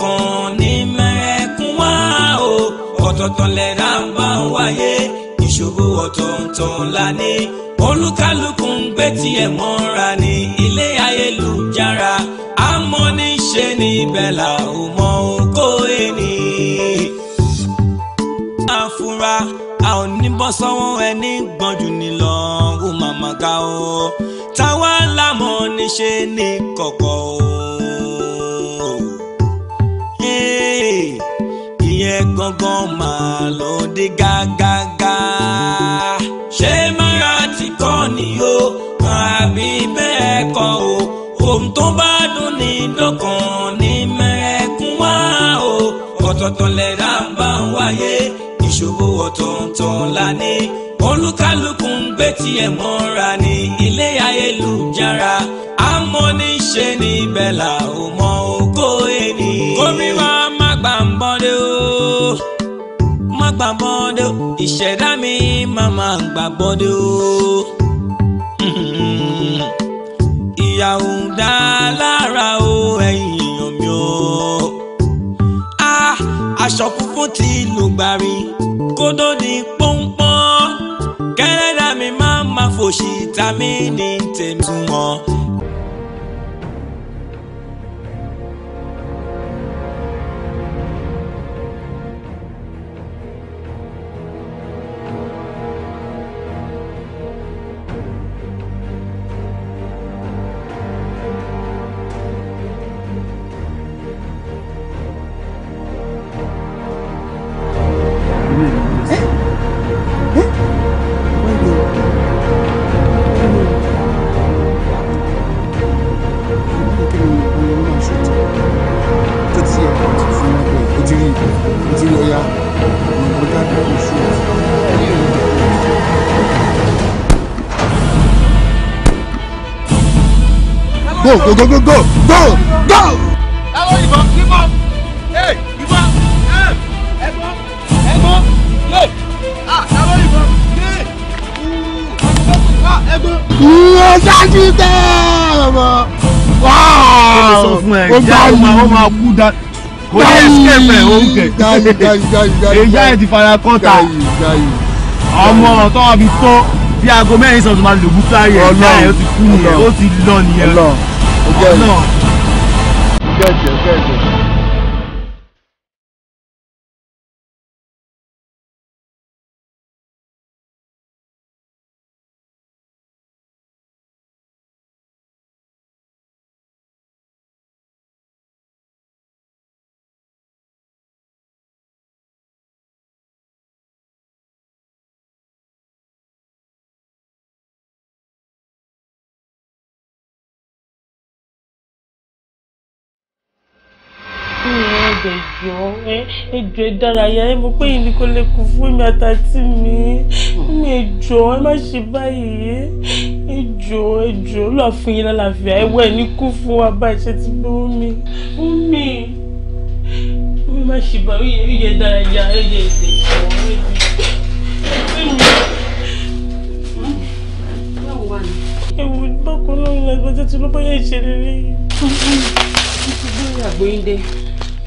ọ̀kan ní mẹ́ẹ̀kún wá o ọ̀tọ̀ọ̀tọ̀ lẹ́dá ń bá wáyé ìṣòro ọ̀tọ̀ọ̀tọ̀ la ní olúkálùkù ń gbé tiẹ̀ mọ́ra ní ilé ayélujára àmọ́ níṣe níbẹ̀ là ò mọ okó ẹni. àfúrá a ò ní bọ́ sọ́wọ́ ẹni gbọ́njú nílọ ó màmá ga o táwa lámọ̀ níṣe ní kọ̀kọ̀ o. ìyẹn gangan máa ló dé gágágá. ṣé mára ti kọ́ ni o àbí bẹ́ẹ̀ kọ́ o ohun tó bá dùn ní lọ́kàn ní mẹ́ẹ̀kún wá o ọ̀tọ̀ọ̀tọ̀ lẹ̀dá bá ń wáyé ìṣòro ọ̀tọ̀ọ̀tọ̀ la ní olúkálùkù ń gbé tiẹ̀ mọ́ra ní ilé ayélujára àmọ́ níṣe níbẹ̀ là ó mọ ògo ẹni. gómìnà gbà bọ́dé ìṣẹ̀dá mi máa máa gbà bọ́dé o. ìyàwó dá lára o ẹ̀yin èèyàn mi o. Ah, aṣọ funfun ti lùgbàrí kódó di pọ́npọ́n kẹ́lẹ́dà mi máa máa fòṣì ta mí ní tèmi wọn. ti rí mo ti rí ọya mo jáde kó ṣú go go go go go go go. ẹ̀rọ ìbọn ìbọn ẹ̀ ìbọn ẹ̀ ẹ̀gbọ́n ẹ̀gbọ́n yóò ah ẹ̀rọ ìbọn yé ẹ̀gbọ́n. ìyẹn ṣáájú tẹ́ ẹ̀ bọ̀. wáá ó gbà mí. ó máa kú dáa kò ní escape ẹ̀ òun kẹ̀ ti fara kọ́ta ọmọ tó wà fi tó bí aago mẹ́rin sọ̀tún máa lògùn táyà ẹ̀ ìyá ẹ̀ ó ti kú nìyẹn ó ti lọ nìyẹn ọ̀nà. ẹjọ ìdárayá ẹ mọ pé yìí ni kò lè kú fún mi àtàtì mi mi ẹjọ ẹ má ṣe báyìí ẹjọ ẹjọ lọ fún yín lálàáfíà ẹwọ ẹ ní kú fún wa bá iṣẹ ti bọ mi mi mi má ṣe báyìí ẹjọ ìdárayá ẹjọ ìdẹjọ ẹjọ mi. ewu bákan náà ní ẹgbẹ́ tó ti ló bá yẹ ìṣẹ̀lẹ̀ lẹ́yìn. mo ti gbé àgbóyún dé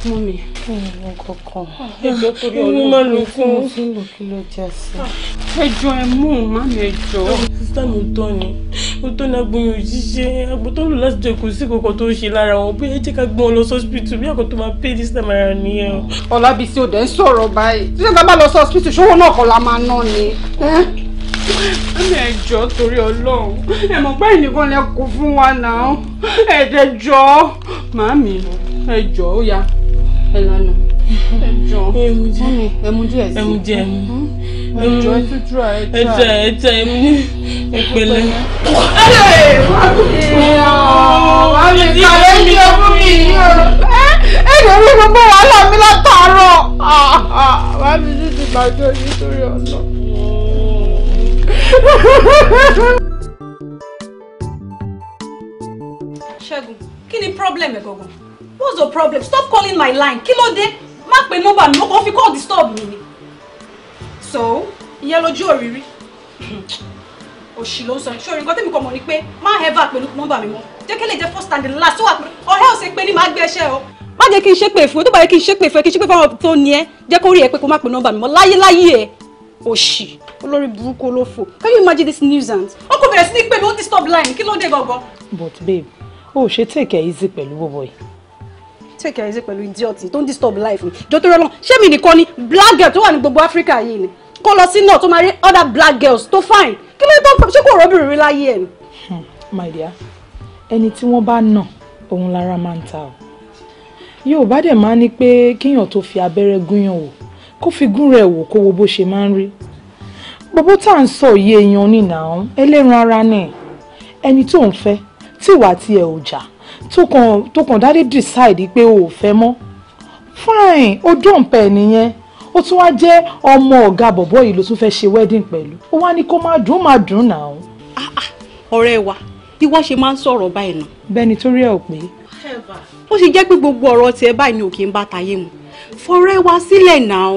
mú mi ìlú kankan ah, ẹjọ́ torí Ọlọ́run fún un fún un kí ló já sí. Ah, ẹjọ́ ẹ mú un má mi ẹjọ́. sísá mi tọ́ ni ó tọ́ ni agbóyin òjíṣẹ́ agbótọ́lù láti jẹ sí kankan tó ń ṣe lára wọn bóyá jẹ́ ká gbọ́n lọ sọ́sibítù bí àkótó máa pé dísítà mara nìyẹn. Ọlábísí ò ń sọ̀rọ̀ báyìí tí bá lọ sọ́sibítù ṣòwò náà kọ́ la máa ná ni ẹ̀mí ẹ̀jọ́ torí ọlọ́run ẹ̀mọ̀ báyìí nìkan lẹ kó fún wa náà ẹ̀ẹ́dẹ́jọ́ màámi ẹ̀jọ́ ó yá ẹ lọ́nu ẹjọ ẹmu díẹ̀ ẹmu díẹ̀ sí ẹmu díẹ̀ ẹmu ẹjọ ẹtútù ẹjọ ẹjọ ẹmu ní ìpele. ẹ wàá mi kàlẹ́ mi ò fún mi yìí o ẹ lè rí gbogbo wàhálà mi látàárọ̀ wàá mi ní ti gbàjọ nítorí ọ̀nà. ṣẹ́gun kí ni problem ẹ̀ gangan what's your problem stop calling my line kí ló dé má pe number mi mo kàn fi call disturb me. so ìyẹn lójú òrìrí hmm. òṣì ló ń sọ ṣé orin kan tẹ́mi kan mọ̀ ni pé má ever pẹ̀lú nọ́mbà mi mọ́ jẹ́ kí lè first and the last ó wà pé ọ̀rẹ́ ò ṣe pé ní màá gbé ẹṣẹ́ o. má jẹ́ kí n ṣe pé fún tó bá yẹ kí n ṣe pé fún ẹ kí n ṣe pé fún àwọn tó ní ẹ jẹ́ kó rí ẹ pé kó má pe nọ́mbà mi mọ́ láyéláyé ẹ òṣì olórí burúkú olófò can you imagine this nuisance. ó kò bẹ̀rẹ̀ sí ní pé mi ó disturb line kí ló dé gangan. but babe o ò take it easy pẹ̀lú bọ́bọ̀ boy take care easy pẹ̀lú idiot don't disturb life mi jọ́tọ́rọ́ náà ṣé mi nìkan ni black girl tó wà ní gbogbo Africa yìí ni kó lọ sí náà tó máa rí other black girls tó fine kí ló dé tó ṣé kò rọ́bìnrin rí láyé ẹ̀ ni. Hmm, my dear ẹni tí wọ́n bá nà òun lára máa ń ta o yóò bá dẹ̀ máa ní pé kéèyàn tó fi abẹ́rẹ́ gúnyàn wò kó fi gún rẹ̀ wò kó wo bó ṣe máa ń rí bọ́bọ́ tá à ń sọ yìí èèyàn nìyà ẹlẹ́ran ara ni ẹni tó ń fẹ́ tíwà tí ò jà tó kàn tó kàn dádé decide pé o ò fẹ́ mọ́ fine o dùn pẹ̀ nìyẹn O tún wá jẹ́ ọmọ ọ̀gá bọ̀bọ̀ yìí ló tún fẹ́ ṣe wedding pẹ̀lú ó wá ní kó má dùn má dùn náà. Ah, ah, ọ̀rẹ́ wa bí wọ́n ṣe máa ń sọ̀rọ̀ báyìí nà. bẹ́ẹ̀ni torí ẹ̀ ò pé. ó ṣe jẹ́ pé gbogbo ọ̀rọ̀ tiẹ̀ báyìí ni òkè ń bá tayé mu fọ̀rẹ́ wa sílẹ̀ náà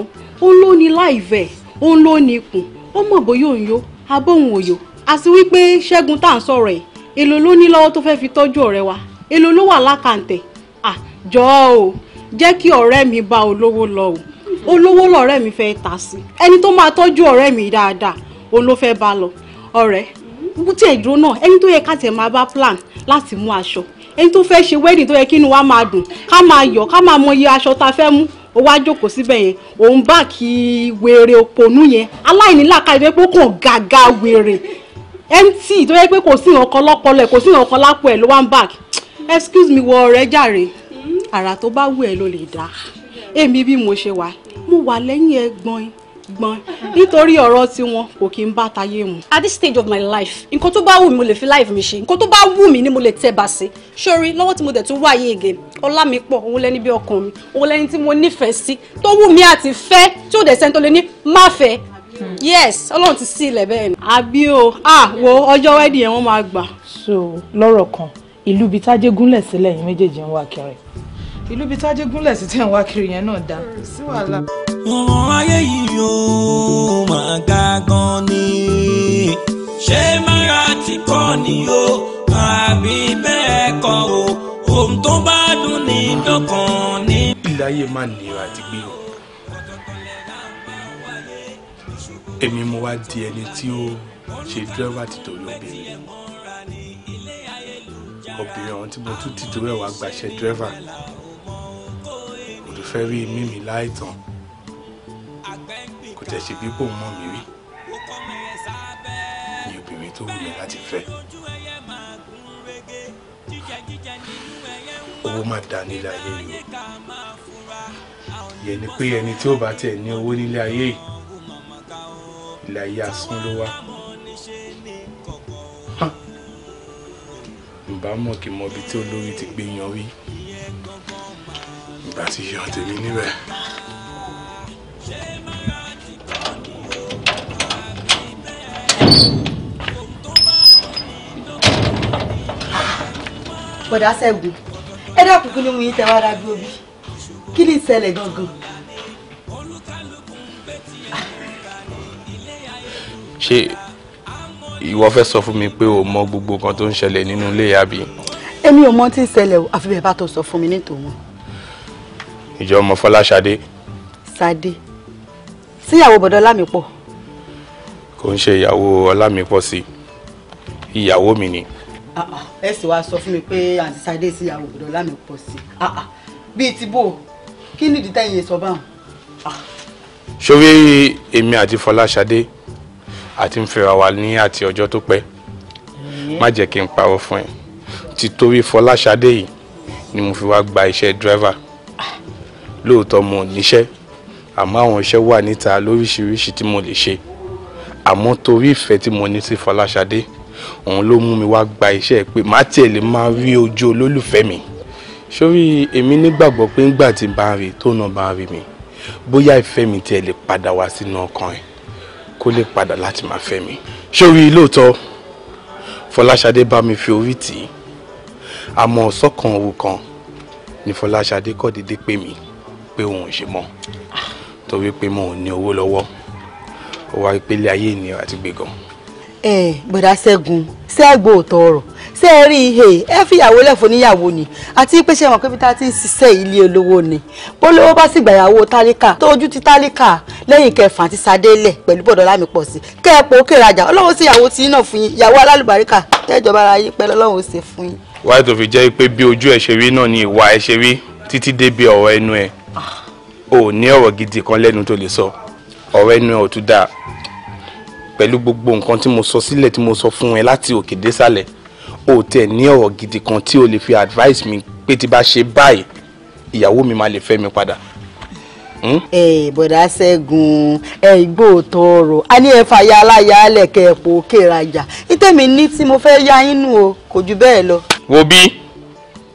ó ló ní láìvẹ̀ ó ló ní ikùn ó mọ̀ bóyá òun yó abóhun òyò àti wípé ṣẹ́gun tá à ń sọ̀rọ̀ ẹ̀ èlò ló ní lọ́wọ́ tó fẹ́ fi tọ́jú ọ̀rẹ́ wa èlò ló wà lákàntẹ̀ àjọ o jẹ́ kí ọ̀rẹ́ mi bá olówó lọ o olówó lọ̀rẹ́ mi fẹ́ ta sí ẹni tó máa tọ́jú ọ̀rẹ́ mi dáadáa òun ló fẹ́ bá lọ ọ̀rẹ́ tí ẹ̀ dúró náà ẹni tó yẹ ká tẹ̀ máa bá plan láti mú aṣọ ẹni tó fẹ́ ṣe wedding tó yẹ kí inú wa máa dùn ká máa yọ̀ ká máa mọ iye aṣọ ta fẹ́ mú ó wá jókòó síbẹ̀ yẹn òun bá kí wèrè òpònú yẹn aláìní làkàyè pé kò gàgà wèrè mt tó yẹ pé kò sí ìrànkan lọ́pọlọ ẹ̀ kò sí ìrànkan lápò ẹ̀ ló wá ń bá kí excuse me wọ ọ̀rẹ́ jàre àrà tó bá wù ẹ ló lè dá èmi bí mo ṣe wà mo wà lẹ́yìn ẹ gbọ́n gbọ́n nítorí ọ̀rọ̀ tiwọn kò kí n bá tayé mu. at this stage of my life nǹkan tó bá wù mí mo lè fi life mi ṣe nǹkan tó bá wù mí ni mo lè tẹ́ bá sí sórí lọ́wọ́ tí mo dẹ̀ tún wáyé ege ọlá mi pọ̀ òun lẹ́ni bí ọkàn mi òun lẹ́ni tí mo nífẹ̀ẹ́ sí tó wù mí àti fẹ́ tí ò dẹ̀ sẹ́ni tó lè ní má fẹ́ yes ọlọ́run ti sí ilẹ̀ bẹ́ẹ̀ ni. àbí o ah wo ọjọ́ wẹ́ẹ̀dì yẹn wọ́n máa gbà. so lọ́rọ̀ kan ìlú bíi tájé gúnlẹ̀ sílẹ̀ yín méjèèjì ń wá kiri ìlú bíi tájé gúnlẹ̀ sí tẹ̀ ń wá kiri yẹn náà dá sí wàhálà. ọ̀rọ̀ ayé yìí ó máa ga gan ni ṣé mára ti kọ́ ni o àbí bẹ́ẹ̀ kọ́ o ohun tó bá dùn ní dọ́kan ní. ilé ayé máa nira àti gbé o èmi mo wá di ẹni tí ó ṣe dírẹ́fà tìtorí obìnrin obìnrin ọ̀hún tí mo tún ti torí ẹ̀wà gbàṣẹ dírẹ́fà kò fẹ́ rí mímì láìtàn kò tẹ̀ bí kò mọ̀ mí rí ni obìnrin tó wù mí láti fẹ́ owó má da nílé ayé yìí o yẹn ni pé ẹni tí ó bá tiẹ̀ ní owó nílé ayé yìí ilé ayé asán ló wà. bá mọ̀ kí mọ ibi tí olórí ti gbé yan wí ìgbà tí yan tèmi níbẹ̀. bọ̀dá ṣẹ́gun ẹ dákun kí ni mo yín tẹ wá rábí omi kí ni ìṣẹ̀lẹ̀ gangan. ṣé ìwọ fẹ́ sọ fún mi pé o mọ gbogbo nǹkan tó ń ṣẹlẹ̀ nínú ilé àbí. èmi ò mọ tí ń ṣẹlẹ̀ o àfi bẹ́ẹ̀ bá tó sọ fún mi nítòun. ìjọ ọmọ Fọláṣadé. Ṣadé síyàwó bọ̀dọ̀ Ọlámípọ̀. kò ń ṣe ìyàwó Ọlámípọ̀ sí ìyàwó mi ni. ẹ sì wá sọ fún mi pé àǹtí Ṣadé síyàwó bọ̀dọ̀ Ọlámípọ̀ sí bíi ti bò kí nìdí tẹ̀yìn sọ báwọn. Ah. ṣòwé èmi àti Fọláṣadé àti ń fẹ́ra wa ní àti ọjọ́ tó pẹ́ má jẹ́ kí n parọ́ fún ẹ ti torí Fọláṣadé yìí ni mo fi wá gba iṣẹ́ dírẹ́fà lóòótọ́ mo níṣẹ́ àmọ́ àwọn iṣẹ́ wà níta lóríṣiríṣi tí mo lè ṣe àmọ́ torí ìfẹ́ tí mo ní sí Fọláṣadé òun ló mú mi wá gba iṣẹ́ pé má tiẹ̀ lè máa rí ojú olólùfẹ́ mi sórí èmi nígbàgbọ́ pé ńgbà tí n bá rí tó náà bá rí mi bóyá ìfẹ́ mi tiẹ̀ lè padà wá sínú ọkàn ẹ̀ kó lè padà láti máa fẹ́ mi sórí lóòótọ́ Fọláṣadé bá mi fi orí tì í àmọ́ sọ́kàn òru kan ni Fọláṣadé kọ́ déédéé pè mí pé òun ò ṣe mọ́ torí pé mo ò ní owó lọ́wọ́ ó wá rí ayé ènìyàn àti gbẹ̀gàn. ẹ gbọ́dọ̀ ṣẹ́gun ṣẹ́gun ò tọrọ ṣé ẹ rí i ẹ fìyàwó lẹ́fọ́ níyàwó ni àti pé ṣe mọ̀ pé tá a ti ń ṣiṣẹ́ ilé olówó ni polówó bá sì gbàyàwó tálíkà tó ojú ti tálíkà lẹ́yìn kẹfà àti sadélẹ̀ pẹ̀lú bọ̀dọ̀ lámì pọ̀ sí kẹ́ẹ̀pọ̀ òkè rajà ọlọ́run sí ìyàwó tí náà fún yín ìyàwó alálùbáríkà tẹ́jọba ara yín pẹ́ lọ́lọ́run ṣe fún yín. wáyé tó fi jẹ́ pé bí ojú ẹ̀ ṣe rí náà ni ìwà ẹ̀ ṣe rí títí débi ọ̀rọ̀ ẹnu ẹ̀ ò ní ọ̀rọ̀ gidi kan lẹ́nu tó lè sọ ọ̀rọ̀ ẹnu ẹ̀ ò tún dáa pẹ̀lú gbogbo nǹkan tí mo sọ sílẹ̀ tí mo sọ fún ẹ láti òkè désàlẹ̀ o tẹ̀ ní ọ̀rọ̀ gidi kan tí o lè fi advice mi pé tí bá ṣe báyìí ìyàwó mi máa lè fẹ́ mi padà. Hmm? ẹ bọ̀dá ṣẹ́gun ẹ igbó tọrọ a ní ẹ fàyà aláya lẹ̀kẹ́ epo kérajà ìtẹ̀mí ní tí mo fẹ́ yá inú o kò jù bẹ́ẹ̀ lọ. wo bí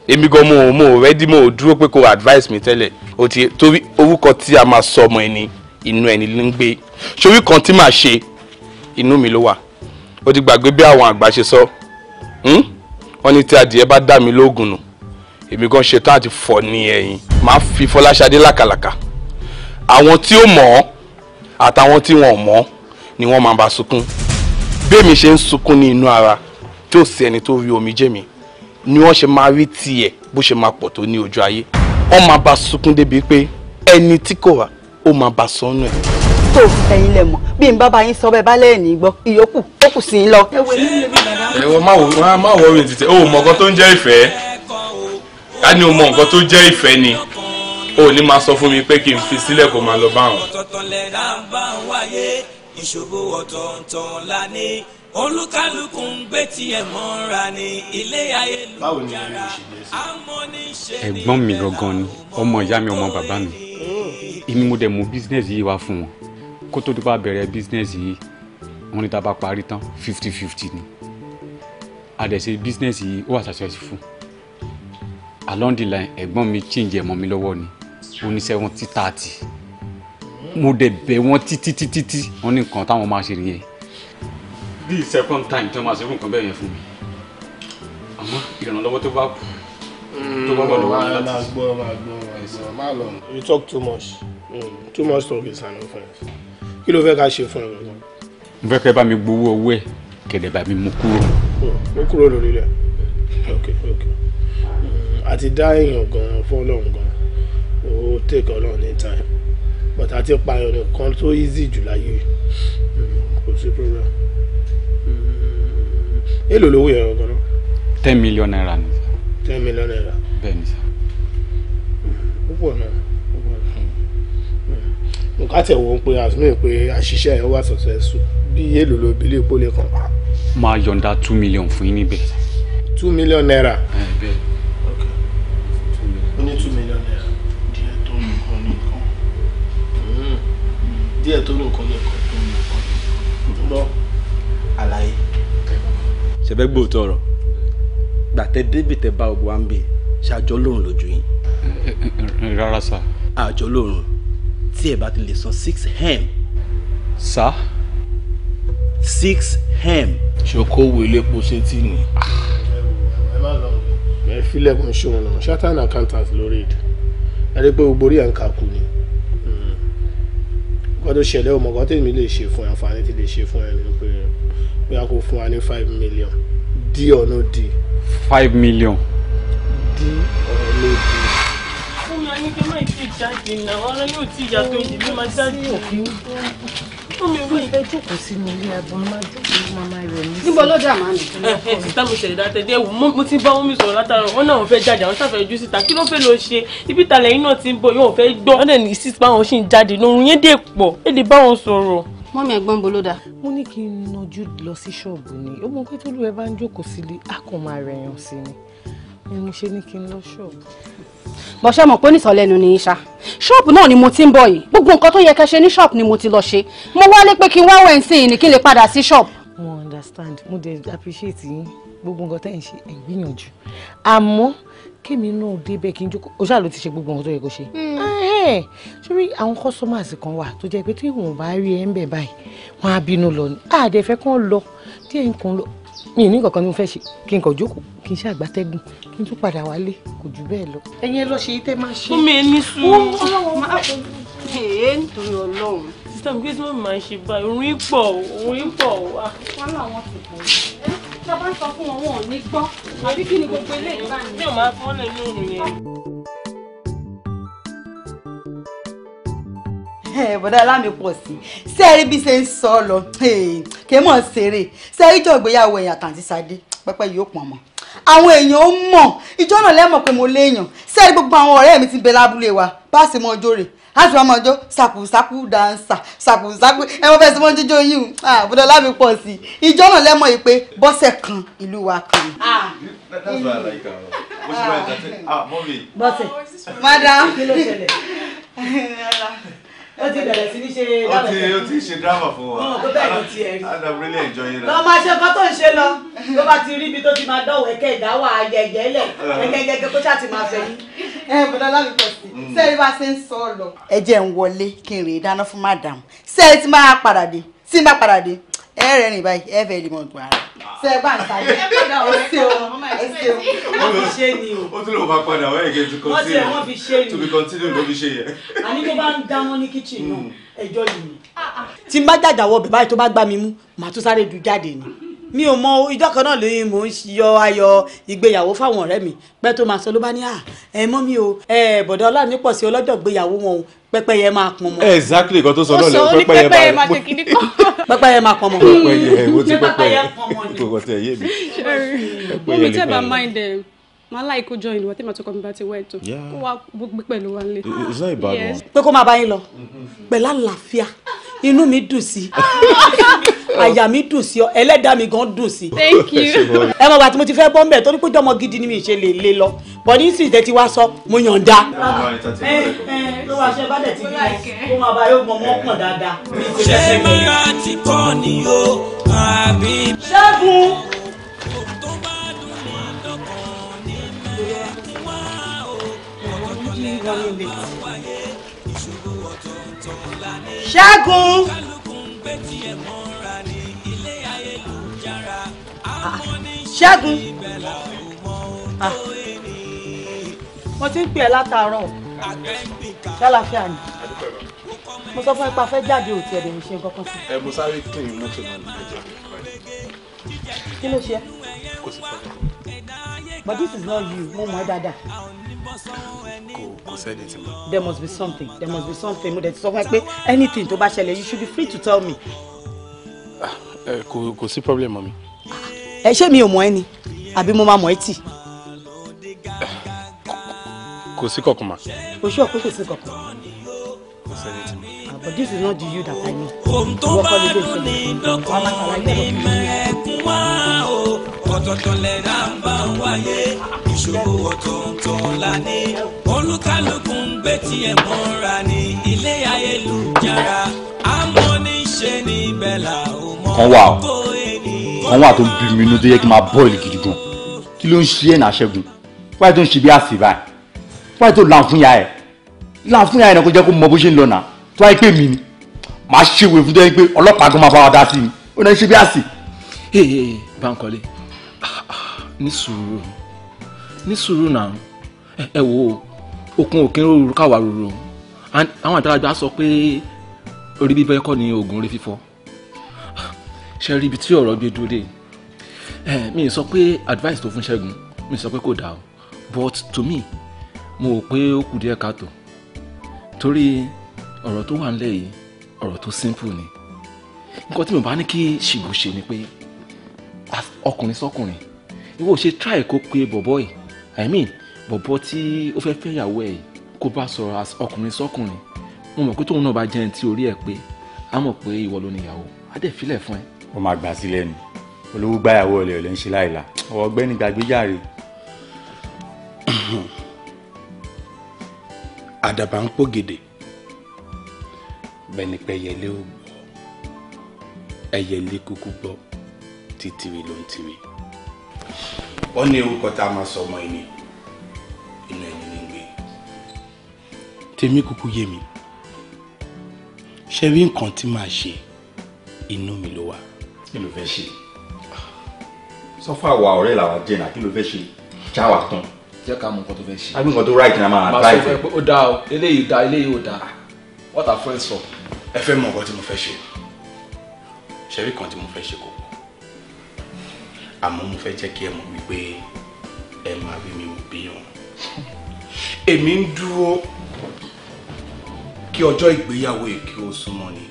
èmi gan mo ò mo ò rẹ́dí mo ò dúró pé kò advice mi tẹ́lẹ̀ o ti torí orúkọ tí a máa sọ ọmọ ẹni inú ẹni ló ń gbé sórí kan tí màá ṣe inú mi ló wà ó ti gbàgbé bí àwọn àgbà ṣe sọ. So Hmm? wọ́n ní tí adìẹ bá dà mí lóògùn nù èmi gan ṣetán àti fọ ní ẹ̀yìn máa fi Fọláṣadé làkàlàkà àwọn tí ó mọ̀ ọ́ àtàwọn tí wọn ò mọ̀ ni wọ́n máa bá sunkún bẹ́ẹ̀mi ṣe ń sunkún ní inú ara tí ò sí ẹni tó rí omi jẹ́ ni wọ́n ṣe máa rí tiẹ̀ bó ṣe máa pọ̀ tó ní ojú ayé wọ́n máa bá sunkún débi pé ẹni tí kò rà ó máa bá sọ́nù ẹ̀ tó o sì tẹ̀yìn lẹ̀ mọ̀ bí n bábá yín sọ bẹ́ẹ̀ bá lẹ́ẹ̀ni gbọ́ ìyókù ó kù sí í lọ. ẹ wọ má wọ orin títẹ o mọ nǹkan tó ń jẹ́ ìfẹ́ á ní o mọ nǹkan tó jẹ́ ìfẹ́ ni o ní máa sọ fún mi pé kí n fi sílẹ̀ kó máa lọ bá wọn. ìṣòro ọ̀tọ̀ọ̀tọ̀ la ní olúkálùkù ń gbé tiẹ̀ mọ́ra ní ilé ayélujára ẹ̀gbọ́n mi gangan ni ọmọ ìyá mi ọmọ bàbá mi èmi mo dẹ̀ mú bísínẹ́sì yìí wá fún wọn kó tó dípa bẹ̀rẹ̀ bísínẹ́sì yìí wọ́n ní tá a bá parí tán fifty fifty ni àdẹ̀sí bísínẹ́sì yìí ó wà successful along the line ẹ̀gbọ́n mi change ẹ̀mọ́ mi lọ́wọ́ ni ó ní seventy thirty mo dẹ̀ bẹ̀ wọ́n títí títí tí wọ́n ní nǹkan táwọn máa ṣe nìyẹn bí second time tí wọ́n máa ṣe fún nǹkan bẹ́ẹ̀ yẹn fún mi àmọ́ ìrànlọ́wọ́ tó bá kù tó bá gbọ́dọ̀ wá láti. you talk too much mm. too much talk is an offense kí ló fẹ́ ká ṣe fún ẹ. mo fẹ́ kẹ́ bá mi gbowó owó ẹ̀ kẹ̀lẹ́ bá mi mú kúrò. mú kúrò lórí rẹ̀ ok ok àti mm, dá èèyàn gan-an fọ́lọ́run gan-an ó tèkọ́ náà ní time but àti pààyàn nìkan tó easy jù láyé mm, kò sí problem mm, èlò lówó yẹn gan-an. ten million naira ni. ten million naira. bẹ́ẹ̀ ni sá. púpọ̀ náà nǹkan tẹ̀ wọ́n pé àtúnmí pé àṣìṣe ẹ̀ wà successful bí èlò ló bílẹ̀ epo lè kàn. máa yọ̀ǹda two million fún yín níbẹ̀. two million naira. ó ní two million naira díẹ̀ tó nǹkan nìkan hmm. díẹ̀ tó nǹkan nìkan tó nǹkan lọ àlàyé. ṣẹ̀fẹ̀ gbòòtọ̀ ọ̀rọ̀ gbàtẹ́ débi tẹ bá ògbó à ń bè ṣàjọ́ lòrùn lójú yín. rárá sá. àjọ lòrùn tí ẹ bá ti lè six hem. Sa six hem. ṣòkó wo ilé epo ṣe tí ni. Ah. ẹ má lọ ẹ filẹ̀kùn ṣòwò náà ṣátán accountant lórí èdè ẹ rí i ń kàkú ni hmm. nǹkan tó ṣẹlẹ̀ ọmọ kan tèmi lè ṣe fún ẹ àǹfààní ti lè ṣe fún ẹ ni pé pé a kò fún wa ní five million d or no d. five million. d kí n má ti jáde náà ọ̀rọ̀ yóò ti yàtọ̀ ìdílé máa jáde. níbo ló máa nù. sísá mo ṣẹlẹ̀ dáadáa dé mo ti bá wọn sọ̀rọ̀ látara wọn náà wọn fẹ́ jáde àwọn sáfẹ́ ojú síta kí ló fẹ́ lọ ṣe ibi ìtàlẹ̀ yín náà ti ń bọ̀ yóò fẹ́ gbọ́. wọ́n dẹ̀ ní sísá báwọn ṣì ń jáde lórun yẹn dè pọ̀ èdè báwọn sọ̀rọ̀ mọ́mí ẹ̀gbọ́n bo ló mo ní kí n nájú lọ sí ṣọ́ọ̀bù ni ó mọ pé tólú ẹ bá ń jókòó sílé á kàn máa rẹ̀yàn sí ni mo ṣe ní kí n lọ ṣọ́ọ̀bù bọ́sẹ̀ mọ̀ pé onísọ̀lẹ́nu ni ṣá ṣọ́ọ̀bù náà ni mo ti ń bọ̀ yìí gbogbo nǹkan tó yẹ kẹ́ ṣe ní ṣọ́ọ̀bù ni mo ti lọ ṣe mo wálé pé kí n wá wẹ̀nsìn ní kí n lè padà sí ṣọ́ọ̀bù. mo understand mo dey appreciate yín gbogbo nǹkan tẹ́ ń ṣe ẹ̀ gbìyànjú àmọ́ kémi náà débẹ̀ kí n jókòó o ṣáà ló ti ṣe gbogbo nǹkan tó yẹ kó ṣe. Hmm. sórí àwọn customers kan wà tó jẹ́ pé tí wọn bá rí ẹ̀ ń bẹ̀ báyìí wọn á bínú lọ ni àdẹ̀fẹ́ kan lọ díẹ̀ nǹkan lọ mi ò ní kankan ni mo fẹ́ ṣe kí n kàn jókòó kí n ṣe àgbátẹ́gùn kí n tún padà wálé kò jù bẹ́ẹ̀ lọ. ẹ̀yin ẹ lọ ṣe yìí tẹ́ máa ṣe. fún mi ní sùúrù máa kó èé nítorí ọlọ́run. sísá mi kí sọ́mi máa ń ṣe báyìí òun pọ̀ òun pọ̀ wá. wọn làwọn ti pọ̀ ẹ́ tá bá sọ fún wọn wọn ò ní gbọ́ àbí kí ni gbogbo eléyìí bá ní. mi ò máa fọ́lẹ̀ bọ̀dá Ọlámipọ̀sí sẹ́ẹ̀rí bí ṣe ń sọ ọ lọ kì í mọ̀ ṣeré sẹ́ẹ̀rí jọ ìgbéyàwó ẹ̀yìn àtàǹtí sadé pẹ́pẹ́ yóò pọ̀n mọ́ àwọn èèyàn ó mọ̀ ìjọ náà lẹ́mọ̀ pé mo léèyàn sẹ́ẹ̀rí gbogbo àwọn ọ̀rẹ́ mi ti bẹ lábúlé wa bá a ṣe mọ ọjọ́ rẹ̀ a sì máa mọ ọjọ́ ṣàkùṣàkù dáńsà ṣàkùṣàkù ẹ wọ́n fẹ́ẹ́ sọ wọ́n jíjọ yìí bọ̀dá Ọlámipọ̀sí ìjọ náà lẹ́mọ̀ yìí pé bọ́sẹ̀ kan ìlú wa kan. Ah, bọ́sẹ̀ madam. ó ti bẹ̀rẹ̀ sí ní ṣe dábàá fún ó ti ṣe drama fún wa. mo kó bẹ́ẹ̀ ni tiẹ̀ rí. and i'm really enjoying it. lọ máa ṣe nǹkan tó ń ṣe lọ tó bá ti rí ibi tó ti máa dánwò ẹ̀kẹ́ ìdáwà ayẹyẹ lẹ̀ uh-huh. ẹ̀kẹ́kẹ́kẹ́ kó ṣáà ti máa fẹ́ yín. ẹ bọ̀dọ̀ lábìkọ̀ sí mm. sẹ́ẹ̀rí bá ṣe ń sọ ọ lọ. ẹ jẹ́ ń wọlé kí n rè dáná fún mádàm sẹ́ẹ̀ ti máa padà dé tí n padà dé ẹ rẹ rìn báyìí ẹ fẹ́ rí mọ̀tò ara ṣe é bá ń ta yìí ẹ padà ó ṣe o ẹ ṣe o. wọ́n fi ṣe ni o. ó tún lè wá padà wọ́n yẹ kí n tún continue wọ́n ti wọ́n fi ṣe ni to be continued ló fi ṣe yẹ. àní tó bá ń dáná ní kíchìn náà hmm. ẹjọ́ yìí ni. Ah, ah. tí n bá jàjàwọ bẹ̀ báyìí tó bá gbá mi mú màá tún sáré du jáde ni mi ò mọ ìjọ kan náà lóyún mò ń yọ ayọ̀ ìgbéyàwó fáwọn ọ̀rẹ́ mi pẹ́ tó máa sọ ló bá ní à ah, ẹ mọ́ mi o ẹ bọ̀dọ̀ ọlọ́run pọ̀ sí ọlọ́jọ́ ìgbéyàwó wọn o pẹ́pẹ́yẹ máa pọn mọ́. exactly nǹkan tó sọ náà lẹ́yìn pẹ́pẹ́yẹ máa pọn mọ́. ó sọ ó ní pẹ́pẹ́yẹ máa ṣe kíní kan pẹ́pẹ́yẹ máa pọnmọ. pẹ́pẹ́yẹ mo ti pẹ́pẹ́yẹ kò kò tẹ yé mi. mo mi tẹ́ bá mind. ń máa láì kó join wa tẹ́mà tó kọ́ mi bá ti wẹ̀ tó kó wa gbé pẹ̀lú wa nílé. it's not a bad one. pé kó máa bá yín lọ mm-hmm. pẹ̀lú àlàáfíà inú mi dùn sí àyà mi dùn sí ọ ẹlẹ́dàá mi gan dùn sí. thank you. ẹ mọ̀ bá tí mo ti fẹ́ bọ́ mbẹ̀ torí pé dọ́mọ gidi ni mi ṣe lè lé lọ bọ́ ní sì tẹ́tí wá sọ mo yàn dá. ẹ ẹ ṣé máa ti kọ́ ni o àbí. ṣẹ́gun. gan nílé. ṣẹ́gun. ṣẹ́gun. Ah. mo ti ń pè ẹ́ látàárọ̀ ṣàlàfíà ni mo sọ fún ẹ pa fẹ́ jáde òtí ẹ̀dẹ̀ mi ṣe kankan sí. ẹ mo sáré kí n mú ṣe máa ń gbé kí ló ṣe. kò sí pàtàkì. but this is not you mo mọ̀ ẹ́ dáadáa there must be something there must be something mo dẹ̀ sọ fún ẹ pé anything tó bá ṣẹlẹ̀ you should be free to tell me. Ah, eh, kò kò sí problem mọ́ mi. ẹ ṣé mi ò mọ̀ ẹ́ ni àbí mo máa mọ̀ ẹ́ tì. Eh, kò sí kankan mà. o ṣe ọ̀pẹ kò sí kankan. kò sẹ́ni tí mo. but this is not the you that I need. ohun tó bá dùn ní dọ́kọ̀ ní mẹ́ẹ̀kún wá o ọ̀tọ̀ọ̀tọ̀ lẹ̀ dá ń bá ń wáyé ìṣòro ọ̀tọ̀ọ̀tọ̀ la ní. olúkálùkù ń gbé tiẹ̀ mọ́ra ní ilé ayélujára àmọ́ ní ṣe ní bẹ́là ò mọ́ kó ènìyàn. kan wà tó bí mi inú tó yẹ kí n máa bọ́ọ̀lù gidi gan kí ló ń ṣe ẹ̀ náà ṣẹ́gun wáyé tó ń ṣe bí àṣì báyìí wáyé tó làǹfún ya ẹ̀ làǹfún ya ẹ̀ náà kó jẹ́ kó mọ bó ṣe ń lọ náà tó wáyé pé mi ni màá ṣèwé fún tó yẹ pé ọlọ́pàá gan máa bá wa dá sí mi ó náà ṣe bí àṣì. Bankole nisuru sùúrù ní ẹ wo okun okin rorò káwa rorò àwọn àgbàlagbà sọ pé orí bíbẹ́ ni oògùn orí fífọ́ ṣe rí ibi tí ọ̀rọ̀ gbé dúró dé mi sọ pé advice tó fún Ṣẹ́gun mi sọ pé kò dáa but to me mo rò pé ó kù díẹ̀ káàtó torí ọ̀rọ̀ tó wà nílẹ̀ yìí ọ̀rọ̀ tó ni nǹkan tí mo bá ní kí ṣìgò ìwọ ṣe try kó pe bọ̀bọ̀ yìí i mean bọ̀bọ̀ tí ó fẹ́ fẹ́ yàwó ẹ̀ kó bá sọ̀rọ̀ as ọkùnrin sọ́kùnrin mo mọ̀ pé tóun náà bá jẹun tí orí ẹ̀ pé a mọ̀ pé ìwọ ló níyàwó á dẹ̀ filẹ̀ fún ẹ. ó máa gbà sílẹ̀ ni olówó gbáyàwó ọ̀lẹ́ ọ̀lẹ́ ń ṣe láìla ọ̀gbẹ́ni gbàgbéjáre. àdàbà ń pò gèdè bẹ́ẹ̀ ni pé ẹyẹlé ò gbọ́ ẹyẹlé kúkú gbọ́ títìrì ló ń tìrì wọ́n ní orúkọ tá a máa sọ ọmọ ẹni inú ẹni ní gbé. tèmi kúkú yé mi ṣe rí nǹkan tí màá ṣe inú mi ló wà. kí ló fẹ́ ṣe sọ fún àwa ọ̀rẹ́ làwa jẹ́ náà kí ló fẹ́ ṣe já wa tán. jẹ́ ká mọ nǹkan tó fẹ́ ṣe. àbí nǹkan tó right na máa advise. màá sọ fún ẹ ó dáa o eléyìí dáa eléyìí ò dáa ah. what are friends for. ẹ fẹ́ mọ nǹkan tí mo fẹ́ ṣe ṣe rí kan tí mo fẹ́ ṣe kò àmọ́ mo fẹ́ jẹ́ kí ẹ mọ̀ wípé ẹ máa rí mi ò bí wọn. èmi ń dúró kí ọjọ́ ìgbéyàwó èkí ó súnmọ́ ni.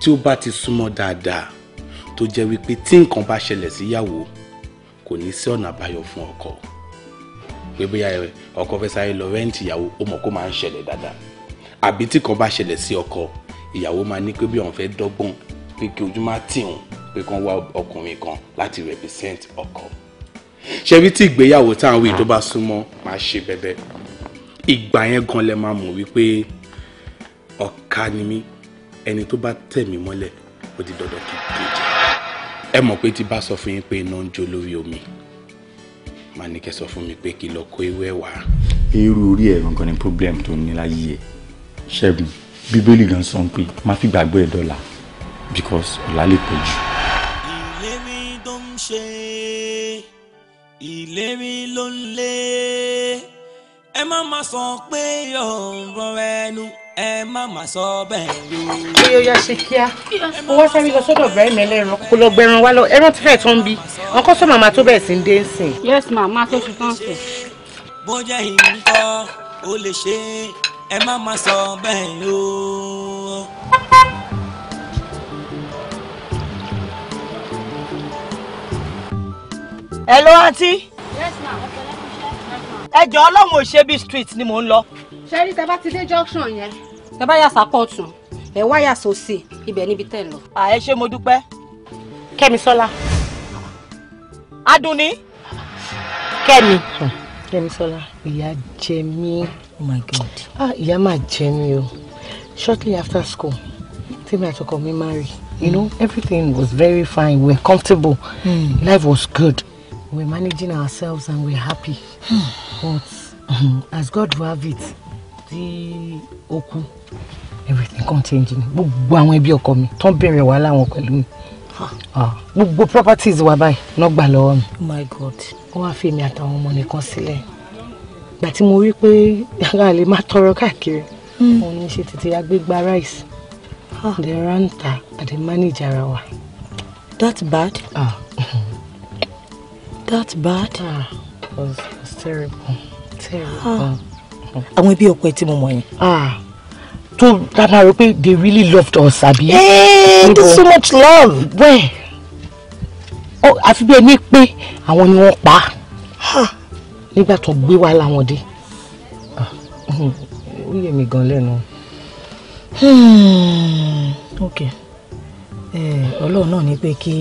tí ó bá ti súnmọ́ dáadáa tó jẹ́ wípé tí nǹkan bá ṣẹlẹ̀ síyàwó kò ní sí ọ̀nà àbáyọ fún ọkọ pé bóyá ọkọ fẹ́ sáré lọ rẹ́ǹtì ìyàwó ó mọ̀ kó máa ń ṣẹlẹ̀ dáadáa àbí tí kan bá ṣẹlẹ̀ sí ọkọ ìyàwó máa ní pé bí òun fẹ́ dọ́gbọ́n pé kí ojú má tì wọ́n pé kán wá ọkùnrin kan láti represent ọkọ ṣebí tí ìgbéyàwó táwọn wí tó bá súnmọ́ máa ṣe bẹ̀bẹ̀ ìgbà yẹn gan lẹ máa mọ̀ wípé ọ̀ka ni mí ẹni tó bá tẹ̀ mí mọ́lẹ̀ ó di dandan kí n gbèjà ẹ mọ̀ pé tí bá sọ fún yín pé iná ń jó lórí omi máa ní kẹ́ sọ fún mi pé kí lọ kó ewé wá. irú orí ẹ̀rọ kan ni problem tó ní láyé ẹ̀ ṣẹ́gun bíbélì gan sọ pé má fi gbàgbọ́ ẹ̀ dọ́là because ọ̀la lè pọ̀ jù. ìlérí ló ń ṣe ìlérí ló ń lé ẹ má má sọ pé ọ̀rọ̀ ẹnu ẹ má má sọ bẹ́ẹ̀ yó. bóyá ya ṣe kíá mo sáré lọ sọ́dọ̀ Ibrahim ẹlẹ́ran kó lọ gbẹran wá lọ ẹran tí fẹ́ẹ̀ tó ń bí wọn kọ́ sọ màmá tó bẹ̀ẹ̀ sí ń dé ń sìn. yes ma ma tó fi tán sẹ. bó jẹ́ ìyíkọ́ ó lè ṣe é ẹ má má sọ bẹ́ẹ̀ yó. hello àǹtí. yes ma'am ẹ jọ̀ọ́ ọlọ́run ò ṣe bí street ni mò ń lọ. ṣẹ́rí tẹ bá ti dé junction yẹn tẹ bá yà sápọ̀tù ẹ wá yà sósì ibẹ̀ níbi tẹ̀ ń lọ. àyè ṣé mo dúpẹ́. kẹ́mi sọ́lá. adùnní. kẹ́mi. kẹ́mi sọ́lá. ìyà jẹ mí. oh my god. ah ìyà máa jẹ mí o shortly after school tí mi àtọkọ mi marry you know everything was very fine we were comfortable mm. life was good We're managing ourselves and we're happy. Hmm. but um, as God will have it, the oku everything come changing. Gbogbo àwọn ẹbí ọkọ mi tán bẹ̀rẹ̀ wàhálà wọn pẹ̀lú mi. Ah, gbogbo properties wa báyìí náà gbà lọ́wọ́ mi. Oh my God. Wọ́n wá fi èmi àtàwọn ọmọ nìkan sílẹ̀. Ìgbà tí mo rí pé ara lè máa tọrọ káàkiri, hmm. òun ni ṣe tètè agbégbá rice. They ran ta, I dey manage ara wa. That bad? Ah. Mhm that bad? ah it was, it was terrible terrible. Ah. Oh. àwọn ẹbí ọkọ ẹ tí mo mọ yẹn. ah tó dábàá rò pé they really loved us àbí. ee eh, there's so much love. Where? wẹ́ẹ̀ àfi bí ẹni pé àwọn ni wọ́n pa á nígbà tó gbé wá láwọn dé ah, hmm, ó yẹ mi gan lẹ́nu. Hmm. ok eh, ọlọ́run náà ní pé kí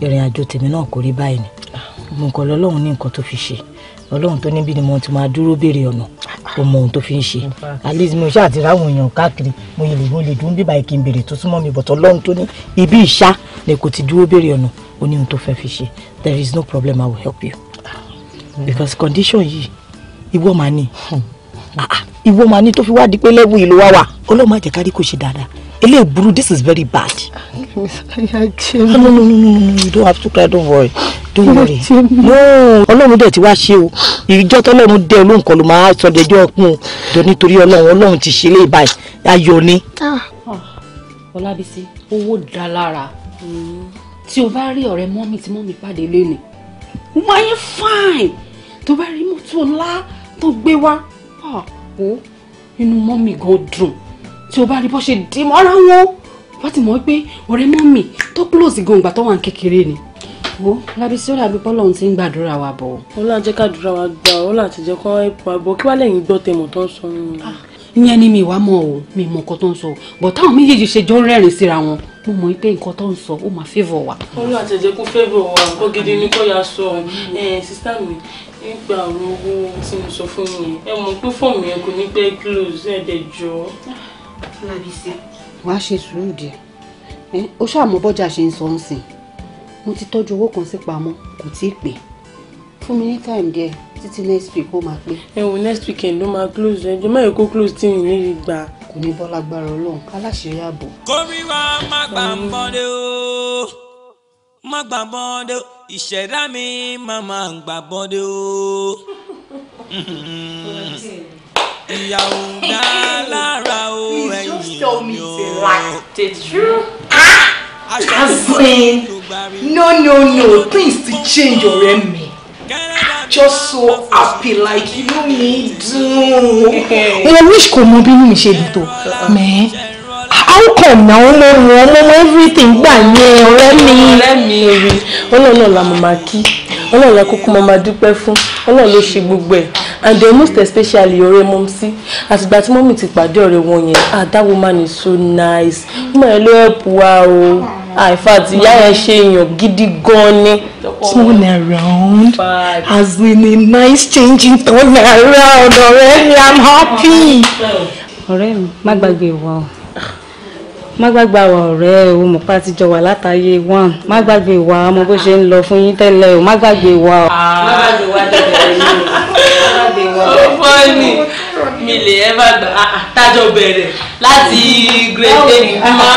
ìrìn àjò tèmi náà kò rí báyìí ni gbogbo nǹkan lọ́lọ́run ní nǹkan tó fi ṣe ọlọ́run tó níbi ni mo ti máa dúró béèrè ọ̀nà o mọ ohun tó fi ń ṣe alice mo ṣáà ti ráwọn èèyàn káàkiri mo yẹ lè mo lè dún bíbá ìkí n béèrè tó súnmọ́ mi bọ̀tọ̀ ọlọ́run tó ní ibi ìṣá ni kò ti dúró béèrè ọ̀nà o ní ohun tó fẹ́ fi ṣe there is no problem i will help you mm. because condition yìí ìwọ máa ní ah, ah, ìwọ máa ní tó fi wá di pé lẹ́wù ìlú wa wà ọlọ́run má jẹ́ kárí kò ṣe dáadáa eléyìí e this is very bad. no no no no no you don't have to cry don't worry don't worry no ọlọ́run dẹ̀ ti wá ṣe o ìjọ tọ́lọ́run dẹ̀ olóhùn kan ló máa sọ dẹjọ́ ọkùn o jọ nítorí ọlọ́run ọlọ́run ti ṣe léyìí báyìí ayọ̀ ni. Ah. Ah, ọlábísí owó dá lára tí o bá rí ọ̀rẹ́ mọ́mì tí mọ́mì pàdé lónìí wọ́n yẹn fine tó bá rí mọ́tò ńlá tó gbé wá ah, ó inú mọ́mì gan dùn tí o bá rí bó ṣe dé mọ́ra wọn wọ́n ti mọ̀ pé ọ̀rẹ́ mọ́mì tó close gan ìgbà tó wà ní kékeré ni. wo Lábísí ó dàbí pọ́lọ́ ohun tí ń gbàdúrà wa bọ̀. ó láti jẹ́ kádùúrà wa gbà ó láti jẹ́ kó ẹ̀pọ̀ àbọ̀ kí wàá lẹ́yìn gbọ́ tẹ̀mọ̀ tó ń sọ nínú. Ah, ìyẹn ni mi wá mọ̀ o mi mọ̀ nǹkan tó ń sọ o bọ̀ táwọn méjèèjì ṣe jọ ń rẹ́rìn síra wọn mo mọ̀ pé nǹkan tó ń sọ ó máa favour wa. ó láti jẹ́ kó favour wa kó gidi wàá ṣe sùúrù díẹ̀ ó ṣàmọ bọjà ṣe ń sọ ń sìn mo ti tọ́jú owó kan sí pamọ́ kò tí ì pé fún mi ní time díẹ̀ títí next week ó máa pé. ẹ wò next weekend ló máa close ẹjọ má yẹ kó close tí mi níbi gbà. kò ní bọ́ lágbára ọlọ́run aláṣẹ́rí ààbò. kórìíra má gbà ń bọ́dé o má gbà bọ́dé o ìṣẹ̀dá mi má má gbà bọ́dé o. ìyàwó dá lára o ẹ̀yìn mi o. Did I'm Cousin, no, no, no, things to change ọ̀rẹ́ mi. Just so happy like inú mi dùn. Ẹ wish kò mọ bí inú mi ṣe dùn tó. Mẹ́ẹ́ how come na ọmọ ọmọ ọmọ everything gbà yẹn ọ̀rẹ́ mi. ọ̀rẹ́ mi rí ọlọ́run la màmá kí ọlọ́run la kúkú màmá dúpẹ́ fún ọlọ́run ló ṣe gbogbo ẹ̀ and then most especially ọ̀rẹ́ mọ́mísí àtìgbà tí mọ́mí ti pàdé ọ̀rẹ́ wọn yẹn ah that woman is so nice woman yẹn ló help wa o ah in fact ìyá yẹn ṣe èèyàn gidi gan ni. turn around as in a nice changing turn around ọ̀rẹ́ mi i'm happy. ọ̀rẹ́ mi má gbàgbé wa o má gbàgbé wa ọ̀rẹ́ o mọ̀ pa àtijọ́ wà látàyè one má gbàgbé wa ọmọ bó ṣe ń lọ fún yín tẹ́lẹ̀ o má gbàgbé wa o. Ah. má gbàgbé wa tẹ́lẹ̀ fọ́ọ̀nì mi lè ẹ́ bá gbà tájọ bẹ̀rẹ̀ láti grade eight mọ́.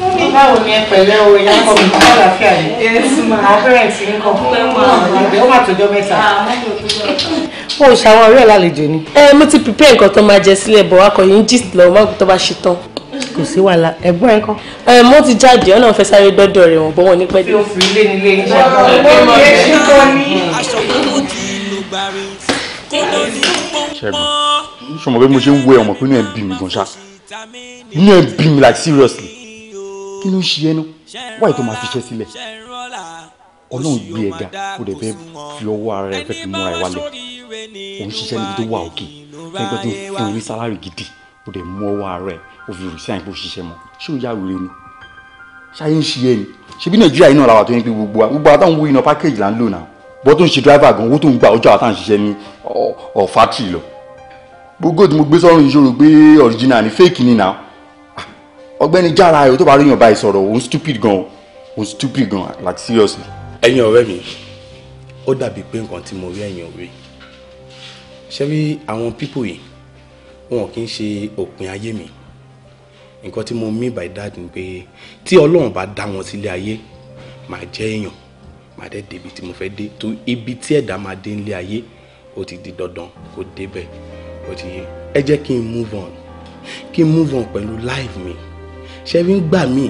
mọ́mí báwo ni ẹ pẹ̀lẹ́ o ìyá ọkọ mi kọ́ àlàáfíà yìí àwọn pẹ́rẹ́ǹtì ń kọ́ ó mà tọjọ́ mẹ́ta. o ò ṣàwọn ọ̀rẹ́ ẹ̀ lálejò ni. ẹ mo ti prepare nǹkan tó máa jẹ sílẹ̀ bọ̀ akọ̀yìn ń gist lọ́wọ́ má tó bá ṣe tán kò sí wàhálà ẹ̀gbọ́n ẹ̀ kan. ẹ mo ti jáde ọ̀nà fẹ́ sáré dọ́dọ̀ rẹ̀ wọ̀n bọ́wọ́ nípẹ́ dé. yóò fi ilé nílé iṣẹ́ ṣẹ́gun ṣọmọ pé mo ṣe ń wẹ ọmọ pé inú ẹ̀ ń bí mi gan ṣá inú ẹ̀ ń bí mi like seriously kí ló ń ṣe ẹnu wáyé tó máa fi ṣẹ́ sílẹ̀ ọlọ́run gbé ẹ̀ga kó dẹ̀ fẹ́ fi ọwọ́ ara rẹ̀ fẹ́ fi múra ẹ̀ wálẹ̀ òun ṣiṣẹ́ níbi tó wà òkè fẹ́ẹ́ tó fún un ní sálárì gidi kó dẹ̀ mú ọwọ́ ara rẹ̀ ó fi rìsí àyìnbó ṣiṣẹ́ mọ́ ṣé ó yá wèrè ni ṣáyé ń ṣe ẹni ṣebí nàìjíríà yìí náà làwà tó yẹn pé gbogbo wa gbogbo àtàwọn owó iná pákéjì là ń lò náà bọ́ tó ń ṣe driver gan owó tó ń gbà ọjọ́ àtàn ṣiṣẹ́ ní ọ̀ factory lọ gbogbo tí mo gbé sọ́run ìṣòro pé original ni fake ni na ọgbẹ́ni jára ẹ̀ tó bá ríyàn báyìí sọ̀rọ̀ òun stupid gan òun stupid gan like seriously. ẹ̀yin ọ̀rẹ́ mi ó dàbí pé nǹkan tí mo rí ẹ̀yin ọ̀rẹ́ ṣé rí àwọn pípò yìí wọn kì í ṣe òpin ayé mi nǹkan tí mo mean by that ni pé tí Ọlọ́run bá dá wọn sílé ayé màá jẹ́ èèyàn màá dẹ́ débi tí mo fẹ́ dé tó ibi tí ẹ̀dá máa dé nílé ayé ó ti di dandan kó débẹ̀ ó ti yé ẹ jẹ́ kí n move on kí n move on pẹ̀lú life mi ṣé fi ń gbà mí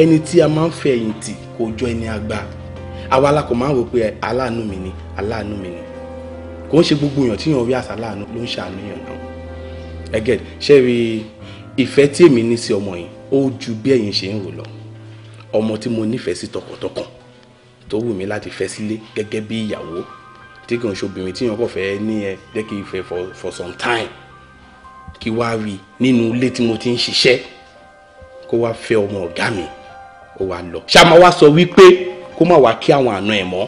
ẹni tí a máa ń fẹ̀yìntì kò jọ ẹni àgbà àwa alákọ̀ máa ń wò pé aláàánú mi ni aláàánú mi ni kò ń ṣe gbogbo èèyàn tí èèyàn rí àṣà láàánú ló ń ṣàánú èèyàn náà ẹ gẹ́t ṣé rí ìfẹ́ tí èmi ní sí ọmọ yìí ó ju bí ẹ̀yin ṣe ń rò lọ ọmọ tí mo nífẹ̀ẹ́ sí tọkàntọkàn tó wù mí láti fẹ́ sílé gẹ́gẹ́ bí ìyàwó tí kò ń ṣobìnrin tí yàn kò fẹ́ ní ẹ jẹ́ kí n fẹ́ for for some time kí wá rí nínú ilé tí mo ti ń ṣiṣẹ́ kó wá fẹ́ ọmọ ọ̀gá mi ó wá lọ ṣáàmà wá sọ wípé kó má wá kí àwọn àna ẹ̀ mọ́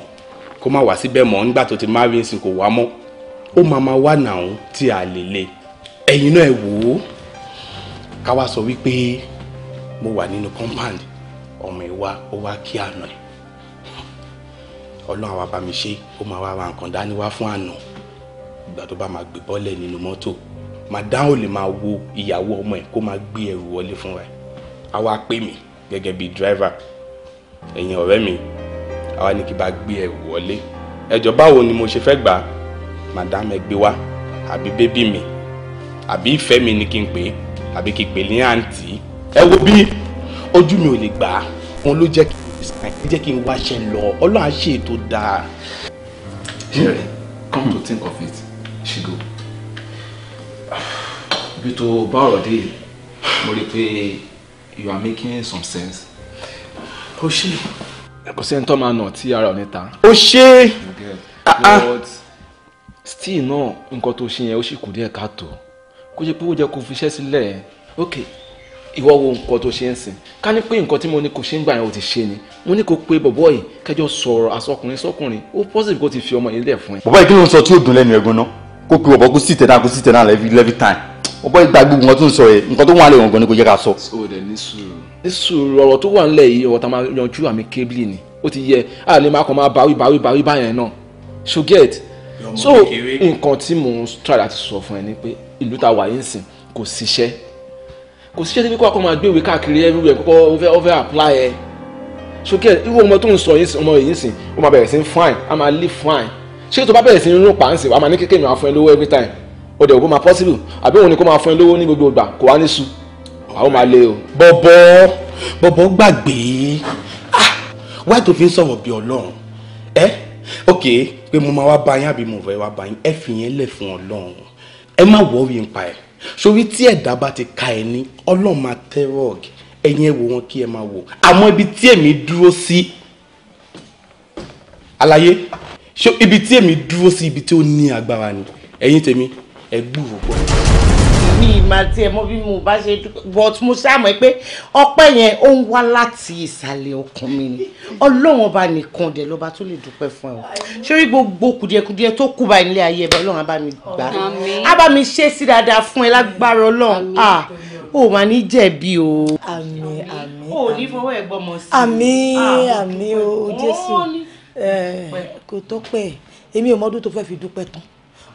kó má wá síbẹ̀ mọ́ nígbà tó ti má rí nsìn kò wá mọ́ ó máa ma wá nàún tí a lè le ẹ̀yin náà ẹ̀ wò ó ká wá sọ wípé mo wà nínú compound ọmọ ẹ̀ ó wá kí àna ẹ̀ ọlọ́run àwa bá mi ṣe ó máa wá ra nǹkan dání wá fún àná ìgbà tó bá máa gbé bọ́ọ̀lẹ̀ nínú mọ́tò madam ò lè máa wo ìyàwó ọmọ ẹ̀ kó máa gbé ẹrù wọlé fún wa á wá pè mí gẹ́gẹ́ bíi driver ẹ̀yin ọ̀rẹ́ mi àwa ní kí bá gbé ẹrù wọlé ẹjọ́ báwo ni mo ṣe fẹ́ gbà madam ẹ gbé wá àbí bébí mi àbí ìfẹ́ mi ni kí n pè é àbí kí n pè é ní àǹtí ẹ wo bí ojú mi ò lè gbà á òun ló jẹ́ kí this time jẹ́ kí n wáṣẹ́ lọ ọlọ́run á ṣe ètò dáa. jerry come to think of it ṣìgò bí tó bá ọ̀rọ̀ dé mo rí i pé you are making some sense ó ṣe kò sẹ́ni tó máa nà tí ara ò ní ta. ó ṣe ah, ah. still náà nǹkan tó ṣe yẹn ó sì kù díẹ̀ káàtó kó jẹ́ pé ó jẹ́ kó fi iṣẹ́ sílẹ̀ ok ìwọ wo nǹkan tó ṣe ń sìn ká ní pé nǹkan tí mo ní kò ṣe ń gbà yẹn ò ti ṣe ni mo ní kó pe bọ̀bọ̀ yìí kẹjọ sọ̀rọ̀ àsọkùnrin sọkùnrin ó pọ́sìtì kó ti fi ọmọ yìí lẹ̀ fún ẹ. bọ̀bọ̀ yìí kí ló ń sọ tí ó dùn lẹ́nu ẹ̀gbọ́n náà kó pe bọ̀bọ̀ kó sì tẹ̀ náà kó sì tẹ̀ náà lẹ́fí lẹ́fí tán bọ̀bọ̀ yìí gba gbogbo nǹkan tó ń sọ yẹ nǹkan tó wà lẹ́yìn ọ̀gbọ́n ni kò yẹ ká sọ. ní sùúrù ọ̀rọ̀ tó wà ńlẹ̀ yìí ọ̀rọ̀ tá máa yanjú àmì sọ ìlú ta wà yín sìn kò síṣẹ́ kò síṣẹ́ tí kó akọ́ máa gbéwèé káàkiri everywhere kó ọfẹ́ ọfẹ́ apply ẹ sókè irú ọmọ tó ń sọ yìí ọmọ yìí sìn ó máa bẹ̀rẹ̀ sí fine á máa live fine ṣé tó bá bẹ̀rẹ̀ sí rún pàǹsì wàá máa ní kékeré máa fún ẹ lówó every time ó dẹ̀ ògbó máa possible àbí òun ni kó máa fún ẹ lówó ní gbogbo ìgbà kó wá ní su àwọn máa le o. bọ̀bọ̀ bọ̀bọ̀ gbàgbé ah, wáyé tó fi ń sọ̀rọ̀ bí ọlọ́run ẹ eh? ok pé mo máa wá bá yín àbí mo fẹ́ wá bá yín ẹ fi yẹn lẹ̀ fún ọlọ́run ẹ má wọ́ọ̀rì ń pa ẹ̀ sórí tí ẹ̀dá bá ti ka ẹ̀ ní ọlọ́run máa tẹ́ rọ́ọ̀gì ẹ̀yin ẹ̀ wò wọn kí ẹ máa wò àmọ́ ibi tí èmi dúró sí àlàyé ibi tí èmi dúró sí ibi tí ó ní agbára ni ẹ̀yin tèmi ẹ gbúrò gbọ́ mi ìmà tí ẹ bí mo bá ṣe dúpẹ́ but mo ṣàmọ̀ pé ọpẹ́ yẹn ó ń wá láti ìsàlẹ̀ ọkàn mi ni ọlọ́run ọba nìkan dẹ̀ lọ́ba tó lè dúpẹ́ fún ẹ o sórí gbogbo kùdìẹ̀kùdìẹ̀ tó kù bá nílé ayé ẹ̀bẹ̀ ọlọ́run á mi gbà á bá mi ṣe sí dáadáa fún ẹ lágbára ọlọ́run ah ó mà ní jẹ̀bi o. àmín àmín o ní fọwọ́ ẹ̀ gbọ́mọ sí. àmín ah, àmín o jésù eh, kò tó pẹ́ èmi ò mọ tó fẹ́ fi dúpẹ́ tán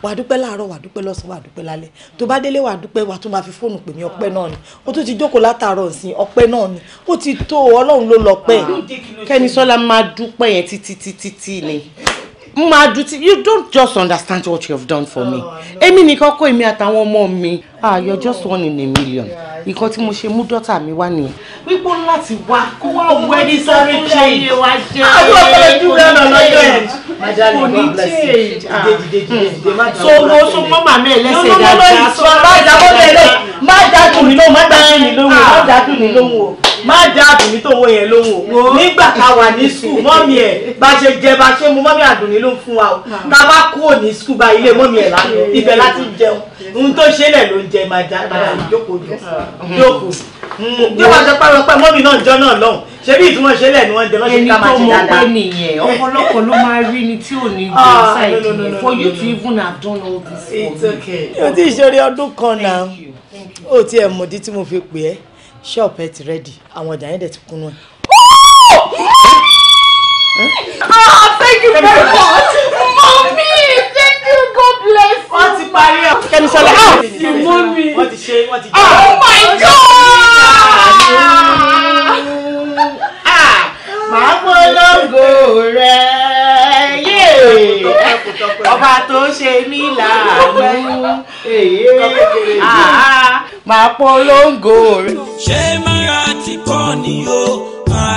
wàá dúpẹ́ láàárọ̀ wàá dúpẹ́ lọ́sàn-án wàá dúpẹ́ lálẹ́ tó bá délé wàá dúpẹ́ wàá tún máa fi fóònù pè mí ọpẹ́ náà ni ó tún ti jókòó látàárọ̀ nsìn ọpẹ́ náà ni ó ti tó ọlọ́run ló lọ pẹ́ kẹ́ni sọ́lá máa dúpẹ́ yẹn títí títí ni madu ti you don't just understand what you have done for me oh, èmi nìkan kọ́ èmi àtàwọn ọmọ mi ah you're are oh. just one in a million nǹkan tí mo ṣe mú daughter, mi wá nìyẹn. wípé láti wá kó wá wọ ẹni sọrí change àwọn ọmọ ìlú rẹ lọ lọ́jọ́ My oh, kò ní change ah. hmm. so lọ sọ mọ́ màmá ẹ lẹ́sẹ̀ dáadáa má dàgbọ́ bẹ́ẹ̀ lọ má dàdùn mí lóhùn má dàdùn mí lóhùn má dàdùn mí lóhùn o má dá àdùnní tó owó yẹn lówó nígbà tá a wà ní skul mọ́mí ẹ̀ bá ṣe jẹ bá ṣe mu mọ́mí àdùnní ló ń fún wa o ah. tá a bá kúrò ní skul bá ilé mọ́mí ẹ̀ lánàá ibẹ̀ láti jẹun ohun tó ṣe lẹ̀ ló ń jẹ máa já padà ah. jókòó jókòó tí wọ́n ṣe pàrọ̀ pé mọ́mí náà jọ náà lọ́hùn ṣé bí ìtumọ̀ ṣe lẹ̀ ni wọ́n jẹ lọ́sẹ̀ ká máa ṣe dáadáa. ẹni tó mọ pé nìyẹn ọ̀pọ̀lọpọ̀ ló máa rí ni tí ò ní gbé ṣáìdì yẹn for you to even have done all this for me. mi ò tí ì ṣeré ọdún kan náà ó tiẹ̀ mọ̀dí tí mo fi pè é. Shop ẹ ti rẹ́dì àwọn ọjà yẹn dẹ̀ ti kúnnú ẹ. ah thank you very much mami thank you god bless you. wọ́n ti parí ọ̀ kẹ́mi sọlá ah mami wọ́n ti ṣe wọ́n ti jẹ́ oh my god ah màá polongo rẹ̀ yé ọba tó ṣe mí láàánú máa polongo rẹ̀. ṣé mara ti kọ́ ni o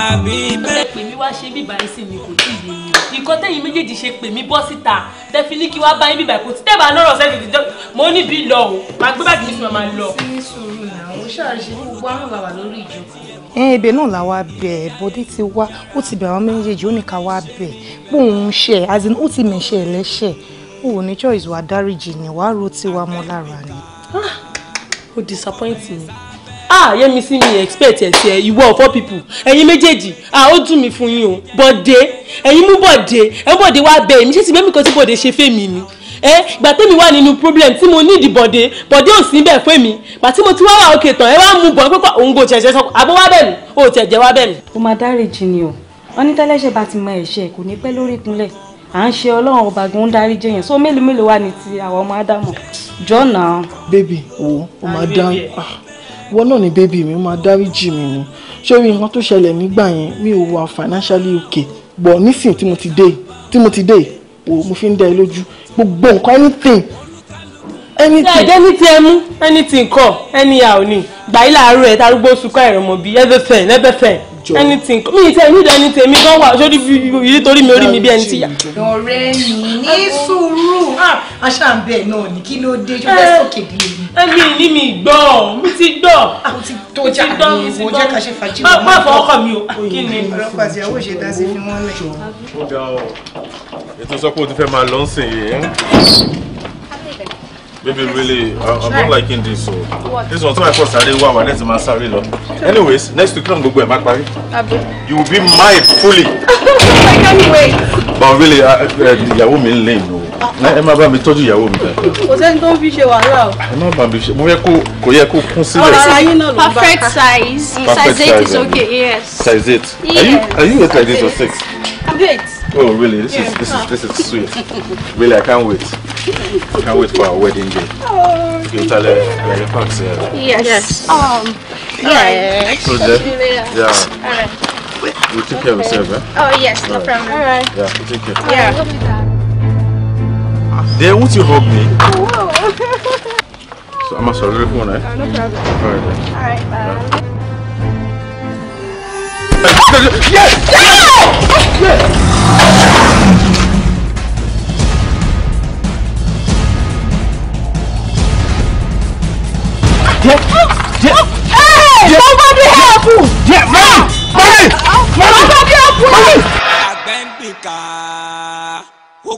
àbí bẹ́ẹ̀. ẹ pè mí wá ṣe bíbá ẹ sì ni kò tí ì yé mi nǹkan tẹ́yìn méjèèjì ṣe pè mí bọ́ síta tẹ́fí ní kí wá bá yín bíbá kò tí tẹ́bà lọ́rọ̀ sẹ́yìn tètè mo ní bí lọ o máa gbé bàgì nífìmọ̀ máa lọ. sí sùúrù làwọn ṣáàṣì gbogbo àwọn ẹ ebè náà la wá bẹ ẹ bọdé ti wá ó ti bẹ àwọn méjèèjì ó ní ká wá bẹ bóun ṣe as in ó ti mẹṣẹ ẹlẹṣẹ òun ní choice wa dáríjì ni wàá ro tiwa mọ lára ni. Ah! ó disappoint me ah yẹmi sí mi expect ẹ sí ẹ ìwọ four people ẹ̀yin méjèèjì ah ó dùn mí fún yín o bọ̀dé ẹ̀yin mú bọ̀dé ẹ bọ̀dé wá bẹ èmi ṣé ti bẹ́ẹ̀ mi kan tí bọ̀dé ṣe fẹ́mi ni ẹ gbà tẹ́mi wà nínú problem tí mo need bọ̀dé bọ̀dé ò sí bẹ́ẹ̀ fún mi gbà tí mo ti wá wà òkè tán ẹ wá mú bọ̀ pé òun kò ṣẹ̀ṣẹ̀ sọ àbó wá bẹ́ẹ̀ mi ò tẹ̀ jẹ́ wá bẹ́ẹ̀ mi. ó máa dáríjì ni o wọn ní tẹ́lẹ́ṣẹ̀ bá ti mọ ẹ̀ṣẹ̀ kò ní pẹ́ lórí ìkúnlẹ̀ à ń ṣe ọlọ́run ọba gan dárí jẹyàn so mélòó mélòó wà ní ti àwọn ọmọ ádámù jọ́nà. bébì wo o máa dá ah, wọn náà ni bébì mi ó máa dáríjì mi ni sórí nǹkan tó ṣẹlẹ̀ nígbà yẹn mi ò wà financially okay bọ̀ nísìn tí mo ti dé tí mo ti dé o mo fi ń dá ẹ lójú gbogbo nǹkan anything anything. ṣe ẹni tí ẹ mú anything kọ ẹni a ò ní gbàyí láàárọ̀ ẹ̀ tarúgbó sunkún ẹ̀rọ mọ̀ bíi ẹ̀fẹ̀fẹ̀ lẹ́fẹ̀fẹ̀ jọ. anything mi tẹ ní ìdẹ́ni tèmi gan wà sórí nítorí mi orí mi bí ẹni tí yà. ọ̀rẹ́ mi ní sùúrù aṣá ah! ń bẹ̀ náà ní kí ló dé ṣọlá eh, sókè bí mi. ẹni ní mi gbọ́ mi ti gbọ́. Ah, mo ti tó jà ní mo jẹ́ ká ṣe fàájì. má má fọ ọkọ mi o kí ni. ọlọ́pàá ti àwọn òṣèlú dásí fi wọ́n lẹ̀. ó ga ọ ètò sọ pé o ti fẹ́ máa lọ́sìn yìí baby really i'm not liking this so this one my first sáré wá wà lẹ́tì máa sáré lọ anyways next week come, gbogbo ẹ̀ máa parí you will be mine fully i can't oh wait but really ìyàwó mi ń lé no? ẹ má bá mi tọ́jú you, mi dáadáa. kò sẹ́ni tó ń fi ṣe now. I'm not má bá mi ṣe mo yẹ kó kò yẹ kó kún sílẹ̀. ọ̀rọ̀ ayé perfect size perfect size eight is okay yes. size eight yes. are you are you eight like this or six. i'm eight. Oh, really? This yeah, is this is this is sweet. really, I can't wait. I can't wait for our wedding day. Oh, you tell her like the Yes. yes. Um. Yeah. Right. So there. Yeah. All right. We will take okay. care of yourself, eh? Oh yes, All no right. problem. All right. Yeah, we'll take care. Yeah. Right. yeah. There, won't you hug me? Whoa. so I'm a sorry phone, eh? Oh, no problem. All right. Then. All right. Bye. Yes! Yes! yes! yes!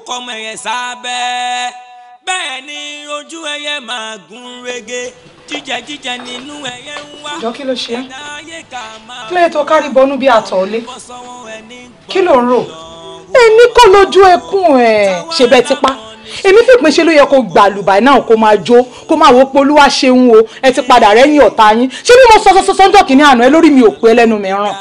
kọmọ ẹyẹ sábẹ́ bẹ́ẹ̀ ni ojú ẹyẹ máa gún régé jíjẹ jíjẹ nínú ló ṣe é kí tó kárí bọnú bí àtọ̀ kí ló ń rò èmi kọ́ lójú ẹkún ẹ̀ ṣe bẹ́ẹ̀ ti pa èmi fìpín ṣe ló yẹ kó gbà lùbàì náà kó máa jó kó máa wo pé olúwa ṣeun o ẹ ti padà rẹ́yìn ọ̀tá yín ṣé bí mo sọ sọsọ ńjọ́ kìíní àná ẹ lórí mi ò pé lẹ́nu mìíràn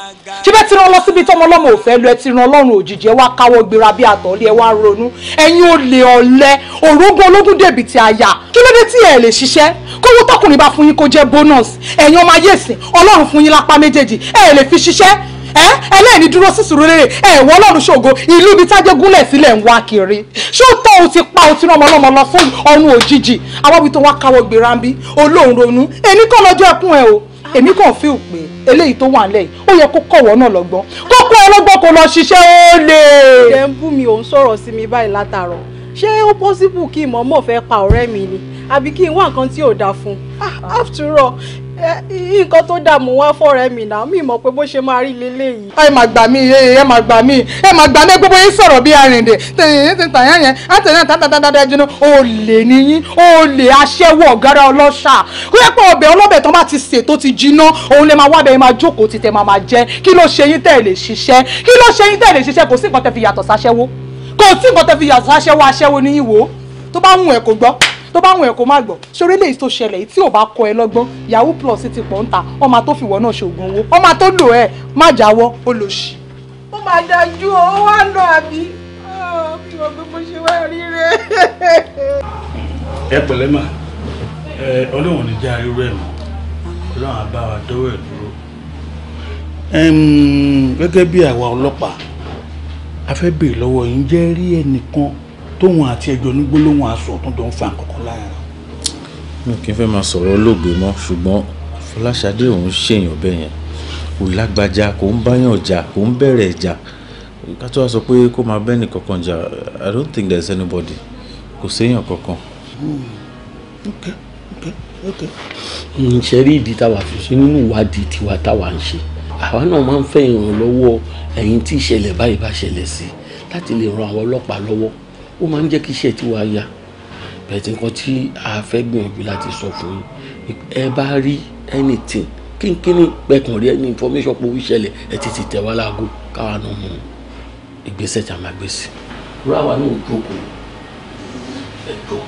ṣé bẹ́ẹ̀ ti rán lọ síbi tọ́mọ ọlọ́mọ ò fẹ́ lu ẹ ti rán ọlọ́run òjijì ẹ wá káwọ́ gbéra bí àtọ̀lé ẹ wá ronú ẹ̀yin olè ọ̀lẹ òrógùn ológun dèbì ti àyà kí ló dé tí ẹ lè ṣiṣẹ́ kówó tọkùnrin bá fún yín kó jẹ́ bónọ́ọ̀sì ẹ̀yin ọmọ ayé ìsìn ọlọ́run fún yín lápá méjèèjì ẹ lè fi ṣiṣẹ́ ẹ ẹlẹ́ni dúró sísúrú lérè ẹ wọ́n lọ́run ṣògo ìlú ibi tájẹ́ gúnlẹ̀ sílẹ̀ ń wá kiri ṣó tọ́ o ti pa o ti rán ọmọlọ́mọ lọ fún ọ̀run òjijì àwọn ibi tó wá káwọ́ gbéra ń bí olóhùn ronú èmi kọ́ lọ́jọ́ ẹkún ẹ o èmi kàn fi ò pé eléyìí tó wà nílẹ̀ ó yẹ kó kọ̀wọ́ náà lọ́gbọ́n kókó ọlọ́gbọ́n kò lọ ṣiṣẹ́ ó lè. ẹ̀ ń bú mi òun sọ̀rọ̀ sí mi báyìí látàárọ̀ ṣé ó possible kí mọ̀mọ́ fẹ́ pa ọ̀rẹ́ mi ni àbí kí n wá nǹkan tí ò dáa fún un ah, after all nǹkan tó dààmú wá fọ́rẹ́ mi náà mi mọ̀ pé bó ṣe máa rí leléyìí. ẹ máa gbà mí ẹ máa gbà mí ẹ máa gbà mí gbogbo yín sọ̀rọ̀ bí arìndè tẹ̀yìn tẹ̀yìn tàyẹ̀ yẹn àtẹ̀yìn tàtàtàtà jìnnà olè níyín olè aṣẹ́wó ọ̀gára ọlọ́ṣà kó yẹ pé ọbẹ̀ ọlọ́bẹ̀ tán bá ti sè tó ti jinná òun lè máa wábẹ̀ ẹ máa jókòó títẹ̀ máa máa jẹ kí ló ṣe yín tẹ̀ lè ṣiṣẹ́ kí ló ṣe yín tẹ̀ lè ṣiṣẹ́ kò sí nǹkan tẹ̀ fi yàtọ̀ sáṣẹ́wó kò sí nǹkan tẹ́ fi yàtọ̀ aṣẹ́wó aṣẹ́wó ní ìwò tó bá mú ẹ̀ kó gbọ́ tó bá mú ẹ̀ kó má gbọ́ ṣorí lè tó ṣẹlẹ̀ tí ò bá kọ ẹ lọ́gbọ́n yahoo plus ti pọ̀ ń ta ọmọ tó fìwọ́ náà ṣoògùn owó ọmọ tó lò ẹ má jáwọ́ ó lò ṣì. ó máa dájú o ó wá lọ àbí kí wọ́n gbé bó ṣe wá rí rẹ̀. ẹ pẹ̀lẹ́ mà ọlọ́run ní já irú ẹ̀ mọ́ ọlọ́run á wa dọ́wọ́ ẹ̀ dúró. gẹ́gẹ́ bí àwa ọlọ́pàá a fẹ́ béèrè lọ́wọ́ yín jẹ́ rí ẹnìkan tóun àti ẹjọ́ ní gbólóhùn aṣọ tó jọ ń fa nǹkan lára. mi ò kí n fẹ́ máa sọ̀rọ̀ olóògbé mọ́ ṣùgbọ́n fọláṣadé òun ṣèyàn bẹ́ẹ̀ yẹn kò lágbájá kò ń báyàn jà kò ń bẹ̀rẹ̀ jà ká tó wá sọ pé kó máa bẹ́ẹ̀ nìkankan jà i don't think there is anybody kò séèyàn kankan. Hmm, ok ok ok. ṣe rí ìdí táwa fi ṣe nínú ìwádìí tiwa táwa ń ṣe àwa náà máa ń fẹ́ ìrànlọ́wọ́ ẹ̀yin tí ìṣẹ̀lẹ̀ báyìí bá ṣẹlẹ̀ sí láti lè ran àwọn ọlọ́pàá lọ́wọ́ ó máa ń jẹ́ kí iṣẹ́ tiwa yá bẹ̀tẹ̀ nǹkan tí a fẹ́ gbìyànjú láti sọ fún yín ẹ bá rí anything kínkínní pẹ̀kàn rí ẹni information pé ó ṣẹlẹ̀ ẹ ti ti tẹ̀ wá láago káwa náà mú ìgbésẹ̀ tí a máa gbé sí. rú àwa náà jókòó ẹ̀dọ́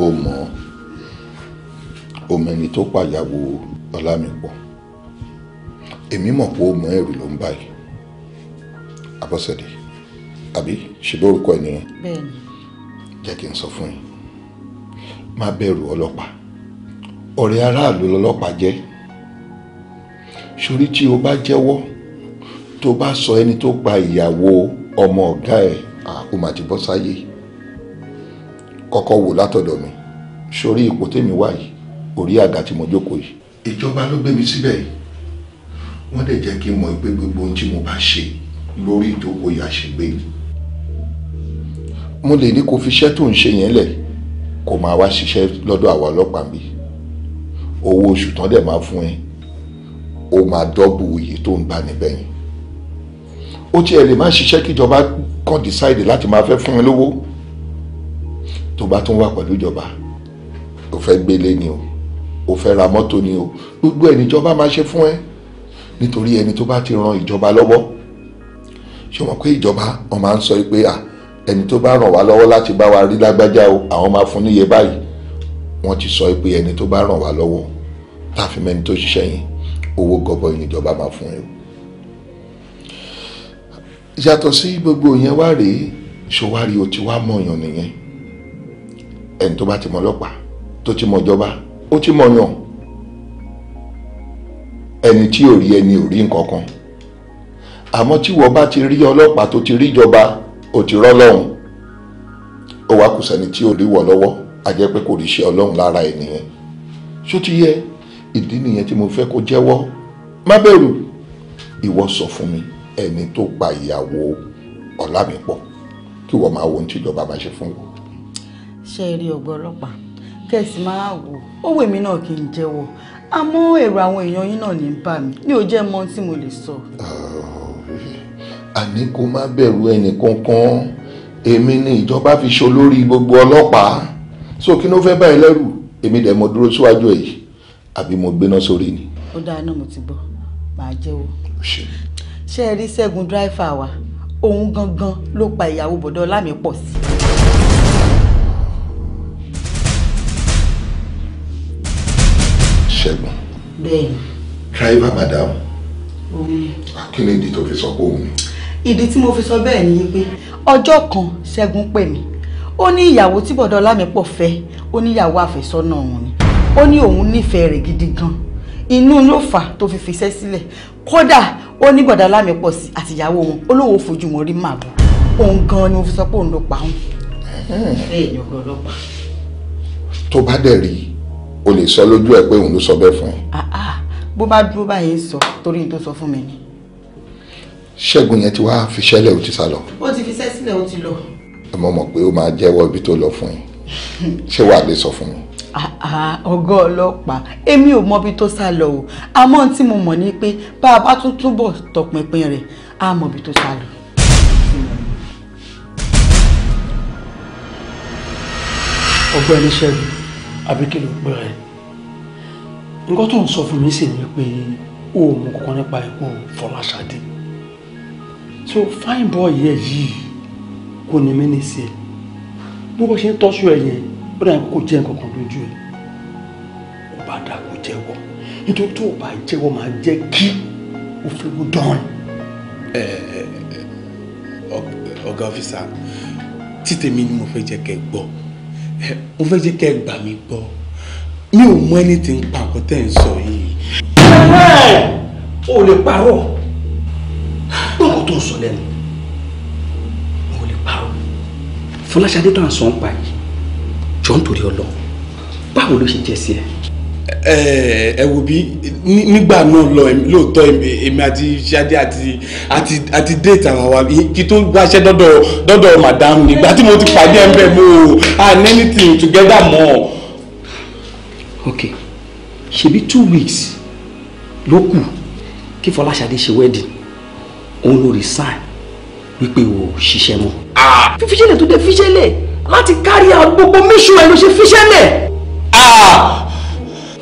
o. mọ̀ ó mẹ́ni tó pàyàwó Ọlámípọ̀ èmi mọ̀ pé ó mọ ẹ̀rù ló ń báyìí Abọ́sẹ̀dé àbí ṣùgbọ́n orúkọ ẹ̀ nìyẹn. bẹ́ẹ̀ni. jẹ́ kí n sọ fún yín má bẹ̀rù ọlọ́pàá ọ̀rẹ́ aráàlú lọ́lọ́pàá jẹ́ sórí tí o bá jẹ́wọ́ tó bá sọ ẹni tó pa ìyàwó ọmọ ọ̀gá ẹ̀ ó mà ti bọ́ sáyé kọ́kọ́ wò látọ̀dọ̀ mi sórí ipò tèmi wà yìí orí àga tí mo jókòó yìí ìjọba ló gbé mi síbẹ̀ yìí wọ́n dẹ̀ jẹ́ kí n mọ̀ pé gbogbo ohun tí mo bá ṣe lórí ìdókòwò yà ṣe gbé mi. mo lè ní kó fi iṣẹ́ tó ń ṣe yẹn lẹ̀ kó máa wá ṣiṣẹ́ lọ́dọ̀ àwa ọlọ́pàá mi owó oṣù tán dẹ̀ máa fún ẹ ó máa dọ́bù iye tó ń gbà níbẹ̀ yẹn ó tiẹ̀ lè má ṣiṣẹ́ kíjọba kàn decide láti máa fẹ́ fún ẹ lówó tó bá tún wà pẹ̀lú ìjọba ò fẹ́ gbélé ni o o fẹ́ ra mọ́tò ni o gbogbo ẹ̀ níjọba máa ṣe fún ẹ nítorí ẹni tó bá ti ran ìjọba lọ́wọ́ ṣé wọn pé ìjọba wọn máa ń sọ pé à ẹni tó bá ràn wá lọ́wọ́ láti bá wa rí lágbájá o àwọn máa fún níye báyìí wọ́n ti sọ pé ẹni tó bá ràn wá lọ́wọ́ táfi mẹ́ni tó ṣiṣẹ́ yìí owó gọbọi níjọba máa fún ẹ o yàtọ̀ sí gbogbo yẹn wá rèé ṣòwárí o ti wá mọ̀ọ́yàn nìyẹn ẹni tó bá ti mọ ọlọ́pàá tó ti mọ ìjọba ó ti mọ̀yàn ẹni tí ò rí ẹni ò rí nǹkan kan àmọ́ tí wọ́n bá ti rí ọlọ́pàá tó ti rí ìjọba ò ti rọ́ lọ́hùn ó wá kù sẹ́ni tí ò rí wọ̀ lọ́wọ́ a jẹ́ pé kò rí iṣẹ́ ọlọ́run lára ẹ̀ nìyẹn ṣó ti yẹ ìdí nìyẹn tí mo fẹ́ kó jẹ́wọ́ má bẹ̀rù ìwọ sọ fún mi ẹni tó pa ìyàwó Ọlámípọ̀ kí wọ́n máa wo ohun tí ìjọba máa ṣe fún wọn. ṣé ẹ rí ọgbọ́n ọlọ́pàá kẹ̀sì máa wò ó wè mí náà kí n jẹ́wọ́ àmọ́ èrò àwọn èèyàn yín náà ní bà mí ní ò jẹ́ mọ́ tí mo lè sọ. àní kó má bẹ̀rù ẹnì kankan èmi ni ìjọba fi ṣe olórí gbogbo ọlọ́pàá so kí ló fẹ́ báyìí lẹ́rù èmi dẹ̀ mo dúró síwájú ẹ̀ yìí àbí mo gbéná sórí ni. ó dáa náà mo ti gbọ́ màá jẹ́wọ́. ṣé ẹ rí Ṣẹ́gun dráìfà wa òun gangan ló pa ìyàwó bọ̀dọ̀ Ọlámípọ̀ sí i. ṣẹ́gun. bẹ́ẹ̀ni. driver madam. omi. akínlẹ̀dì ah, tó fi sọ pé òun ni. ìdí tí mo fi sọ bẹ́ẹ̀ ni pé ọjọ́ kan ṣẹ́gun pè mí ó ní ìyàwó tí bọ̀dọ̀ ọlámípọ̀ fẹ́ ó ní ìyàwó àfẹ́sọ́nà òun ni ó ní òun nífẹ̀ẹ́ rẹ̀ gidi gan inú ló fà tó fi fiṣẹ́ sílẹ̀ kódà ó ní bọ̀dọ̀ ọlámípọ̀ sí àtìyàwó wọn ó lóun ò fojú wọn rí màbọ̀ òun gan ni mo fi sọ pé òun ló pa òun. bẹ́ẹ̀ ni ọ̀gá ọlọ́pàá. tó bá dẹ̀ rí i o lè sọ lójú ẹ pé òun ló sọ bẹ́ẹ̀ fún ẹ. Ah, ah, bó bá dúró báyìí sọ torí tó sọ fún mi ni. ṣẹ́gun yẹn ti wá fi ṣẹ́lẹ̀ ó ti sá lọ. ó ti fi ṣẹ́ sílẹ̀ ó ti lọ. ẹ mọ̀ mọ̀ pé ó máa jẹ́wọ́ ibi tó lọ fún yín ṣé wàá lè sọ fún mi. Ah, ọ̀gá ọlọ́pàá èmi ò mọbi tó sá lọ o àmọ́ tí mo mọ̀ ni pé bá a bá tún túbọ̀ tọpinpin rẹ̀ á mọbi tó sá lọ. ọgbẹ́ni ṣẹ́gun àbí kí ló pẹ́ rẹ̀ nǹkan tó ń sọ fún mi sì ni pé o ò mọ kankan nípa ikú Fọláṣadé so fine boy yẹ yìí kò ní mí ní sí ẹ bó bó ṣe ń tọ́sù ẹ yẹn ó dà kó jẹ́ nǹkan kan lójú ẹ kò bá dà kó jẹ́wọ́ nítorí tó o bá jẹ́wọ́ máa jẹ́ kí o fi wú dán ẹ. ọ̀gá ọ́fíìsà títèmi ni mo fẹ́ jẹ́ kẹ́ gbọ́ ó fẹ́ jẹ́ kẹ́ ẹ gbà mí gbọ́ mi ò mọ ẹni tí ń pa àkọ́ tẹ́ ń sọ yìí. o lè parọ́ gbọ́ngàn tó ń sọ lẹ́nu o lè parọ́ Fọláṣadé tó à ń sọ ń pa yìí jọ ń torí Ọlọ́run báwo ló ṣe jẹ́ sí ẹ. Eh, ẹ wò bí nígbà náà lọ lóòótọ́ èmi àti Ṣadé àti àti àti déètì àwọn wa kí tó wáṣẹ́ dọ́dọ̀ dọ́dọ̀ madam nígbà tí mo ti pàdé ẹ̀ ń bẹ̀ and anything together more. ok ṣebí two weeks ló kù kí Fọláṣadé ṣe wedding òun ló resign wípé o ṣiṣẹ́ mọ́. fífiṣẹ́lẹ̀ tó dé fíṣẹ́lẹ̀ láti carry out gbogbo mission ẹ̀ ló ṣe fíṣẹ́lẹ̀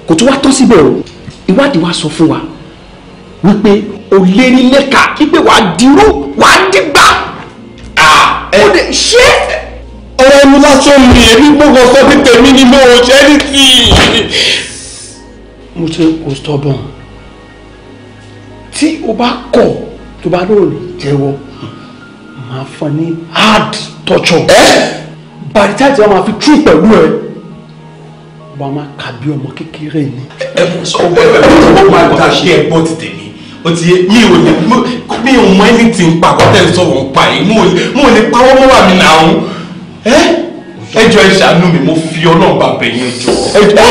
kò tún wá tán síbẹ̀ o ìwádìí wa sọ fún wa wípé o lérí lẹ́ka wípé wàá dirú wàá dìgbà ah, ó lè ṣe. ọ̀rọ̀ ẹnu lásán mi èmi gbọ́dọ̀ sọ pé tèmi ni mo ò ṣe ní sí i. mo ṣe kò stubborn tí o bá kọ̀ tó bá lóò jẹ́wọ́ máa fún ní hard torture. bàtí táyì tí wọ́n máa fi tú pẹ̀lú ẹ wàá máa kà bí ọmọ kékeré ni. ẹ mọ sọ bẹ́ẹ̀ bẹ́ẹ̀ ó máa dá ṣe ẹ̀gbọ́n ti tèmi ó ti yé mi ò lè mi ò mọ ẹni tí ń pa kọ́tẹ́ sọ̀rọ̀ ń pa yìí mo ò lè pawọ́ mọ́ wà mí náà ẹ́ ẹjọ́ ẹ ṣàánú mi mo fi ọlọ́run bá bẹ̀ yín ẹjọ́.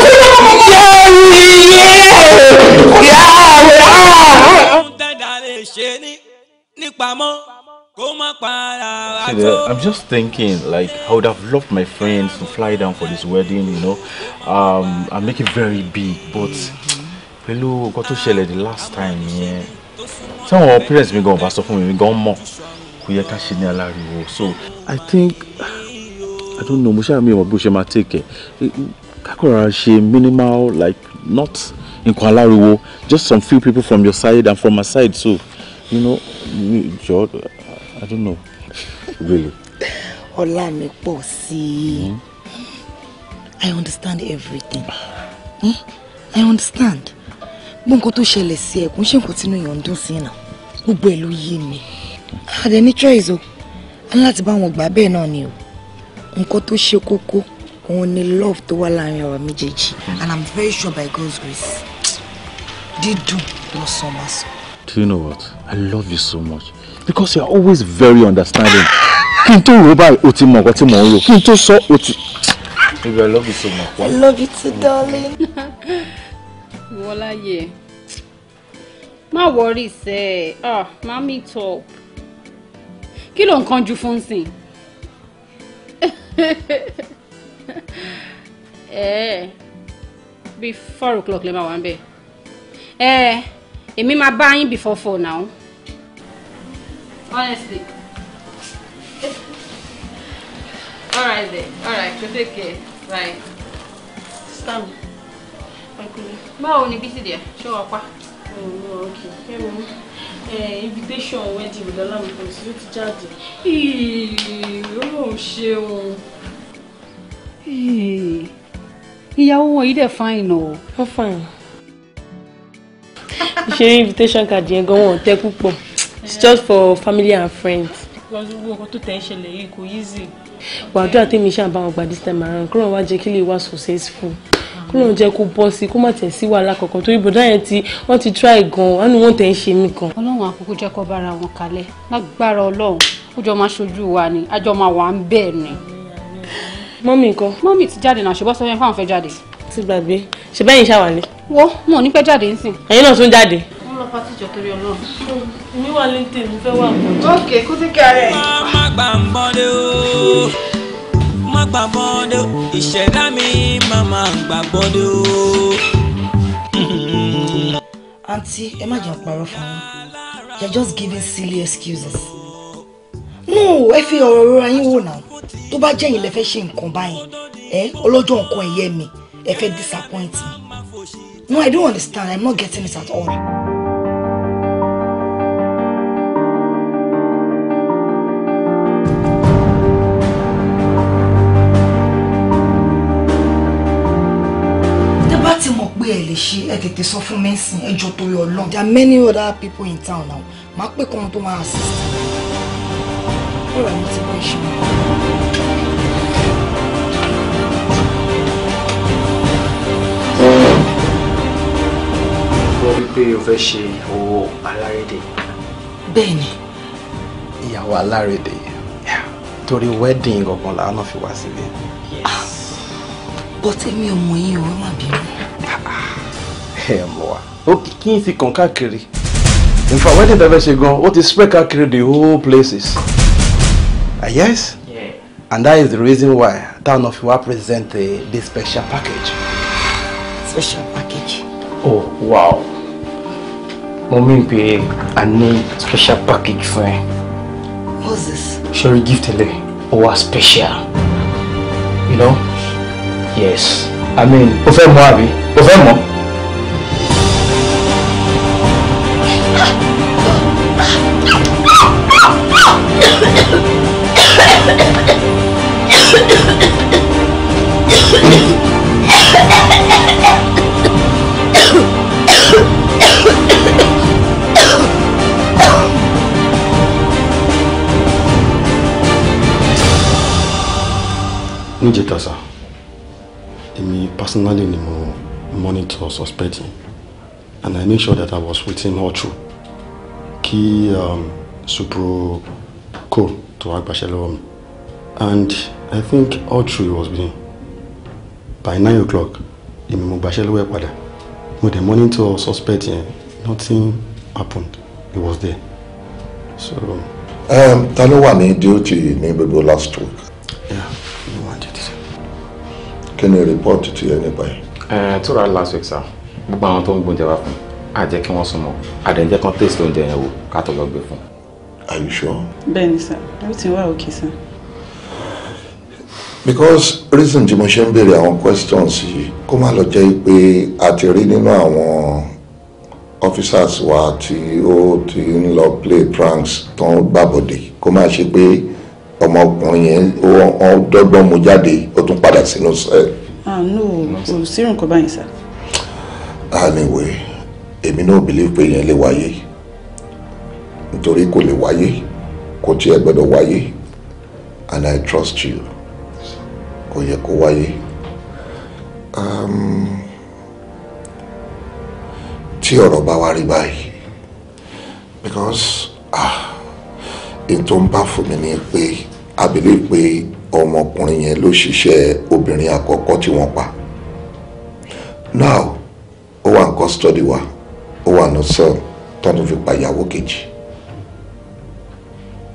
yẹ́ẹ̀yẹ́ yẹ́ẹ̀yẹ́ nípa mọ́. See I'm just thinking like I would have loved my friends to fly down for this wedding, you know. Um, I make it very big, but pelu nǹkan tó ṣẹlẹ̀ the last time yeah. Some of our parents ọba go, fún mi mi gan mọ̀ kò yẹ ká ṣe ní so I think I don't know Musha ṣáà mi ò take ẹ̀ kákọ̀ọ́ra minimal like not nǹkan aláriwo just some few people from your side and from my side so you know George. I don't know. Really? Ọlá mi pọ̀ sí. I hmm? understand everything. Hmm? I understand. Gbogbo nǹkan tó ṣẹlẹ̀ sí ẹ̀kún ṣé nǹkan tínú èèyàn ń dùn sí náà. Gbogbo ẹ̀ ló yé mi. Àdẹ ní choice o. A ní láti bá wọn gbà bẹ́ẹ̀ náà ni o. Nǹkan tó ṣe kókó òun ni love tó wà láàrin àwa méjèèjì. Hmm. And I'm very sure by God's grace. Dídùn lọ sọ máa sọ. Do you know what? I love you so much because you are always very understanding kí n tó rò báyìí o ti mọ nǹkan tí mò ń rò kí n tó sọ o ti. baby i love you so much. i love you too darling. wọláyé má wọrí sẹ ẹ má meet up kí ló ń kánjú fún sìn ẹ eh, bí four o'clock lè máa wà ń bẹ ẹ èmi máa bá yín before four now. Honestly. Alright then. Alright, so take care. Bye. Stand. Báwo you busy there? Show up. Oh, Okay. Hey, Kẹ́mi, invitation wedding lọ́la mi kò sí ó ti jáde. Oh. ṣeun. Ìyàwó wọn yìí dẹ̀ fáìn o. Wọ́n fáìn. Ṣé invitation card yẹn gan wọn ò tẹ́ púpọ̀? it's just for family and friends. gbogbo nǹkan tó tẹ̀ ń ṣẹlẹ̀ yìí kò easy. wàdúrà tèmi ṣáà bá wọn gbà this time around kúrò wá jẹ́ kí lè wá successful kúrò jẹ́ kó bọ́ sí kó má tẹ̀ sí wàhálà kankan torí bọ̀dá yẹn ti wọ́n ti try gan-an wọ́n ní wọ́n tẹ̀ ń ṣe mí kan. ọlọ́run àkókò jẹ́ kó bára wọn kalẹ̀ lágbára ọlọ́run ó jọ máa ṣojú wa ni a jọ máa wà ń bẹ́ẹ̀ ni. mọ́mì nǹkan. mọ́mì ti jáde náà ṣùgbọ́n sọ́yìn fáwọn fẹ́ jáde. ti gbàgbé ṣe bẹ́yìn ṣàwálé. wo mo ò ní pẹ́ jáde ń sìn. ẹ̀yin náà tún jáde pátì jọ torí ọlọ́run mi wà ní tèmi fẹ́ wà pọ̀ ìṣẹ̀dá mi má má gbà o. àǹtí ẹ má jẹun parọ́ fún mi you are just giving silly excuses. no ẹ fi ọ̀rọ̀ rora yín wò náà tó bá jẹ́yìn lẹ fẹ́ ṣe nǹkan báyẹn ẹ ọlọ́jọ́ nǹkan ẹ̀yẹ mi ẹ fẹ́ disappoint me. No, I don't understand. I'm not getting it at all. pé ẹ lè ṣe ẹ tètè sọ fún mẹ́sìn ẹ jọ torí ọlọ́run. there are many other people in town now máa pè kọ́ wọn tó máa assist. ó rà mí ti pẹ́ ṣe wọn. gbọ́ wípé o fẹ́ ṣe ìyàwó alárédè. bẹ́ẹ̀ni. ìyàwó alárédè torí wedding gangan làwọn náà fi wá síbí. Ah. but èmi ò mọ̀ yín o má bínú ẹ mọ̀ wá ó kí n fi kàn káàkiri in fact wedding tẹ́fẹ́ ṣe gan ó ti spread káàkiri the whole places uh, yes yeah. and that is the reason why town of you present uh, this special package. special package. oh wow Mommy, mean pé a ní special package fún ẹ. what's this. sori gift ele o wa special you know yes i mean o fẹ́ mọ̀ àbí níjẹta sá èmi personally ni mo monitor suspecting and I make sure that I was with him all through kí um, Supro Co tó wá gbaṣẹ́ lọ́wọ́ mi and I think all three it was been by nine o'clock èmi mo gbaṣẹ́ lọ́wọ́ ẹ̀ padà mo dẹ̀ monitor suspect yẹn nothing happened he was there so. Um, um, ta ló wà ní duty ní gbogbo last week. Yeah, no one it. kí ni report ti ẹ nípa ẹ. ẹ eh, tóra last week sir gbogbo àwọn tó ń gbóúnjẹ wá fún mi a jẹ́ kí wọ́n súnmọ́ a dẹ̀ ń kán taste oúnjẹ yẹn wò ká tó lọ gbé fún. are you sure. bẹ́ẹ̀ni sir everything wà okay sir. because reason tí mo ṣe ń béèrè àwọn questions yìí kó má lọ jẹ́ pé a ti rí nínú àwọn officers wa tí ó ti ń lọ play pranks tó ń gbàbọ̀dé kó má ṣe pé ọmọkùnrin yẹn ó dọ́gbọ́n mu jáde ó tún padà sínú sẹ́ẹ̀. ah no kò sí nǹkan báyìí sir. anyway èmi náà believe pé ìyẹn lè wáyé nítorí kò lè wáyé kò tiẹ̀ gbọ́dọ̀ wáyé and I trust you kò yẹ kó wáyé. Um, tí ọ̀rọ̀ bá wá rí báyìí because ah n tó ń bá fún mi ni pé I believe pé ọmọkùnrin yẹn ló ṣiṣẹ́ obìnrin àkọ́kọ́ tí wọ́n pa now ó wà ní study wa ó wà ní sẹ́ẹ̀lì tọ́nu fi pa ìyàwó kejì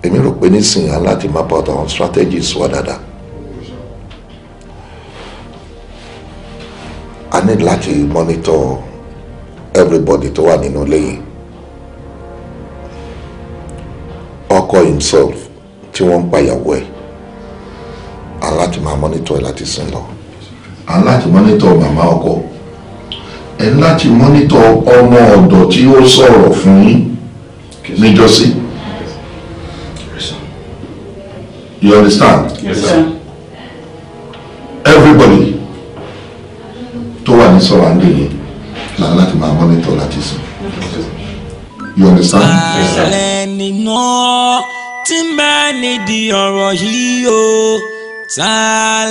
èmi rò pé nísìnyí aláti máa bọ̀ àwọn strategies wa dáadáa a ní láti monitor everybody tó wà nínú ilé ọkọ himself tí wọ́n ń pa ìyàwó ẹ̀ a láti máa monitor ẹ̀ láti sìn lọ a láti monitor màmá ọkọ ẹ láti mọ́nítọ̀ ọmọ ọ̀dọ̀ tí ó sọ̀rọ̀ fún yín níjọ́sí. You understand? Yes, sir. Everybody tó wà ní sọ̀rọ̀ àndé yẹn là láti máa mọ́nítọ̀ láti sùn. You understand? Àlẹ́ nínú tí mẹ́ni di ọ̀rọ̀ yìí o, ta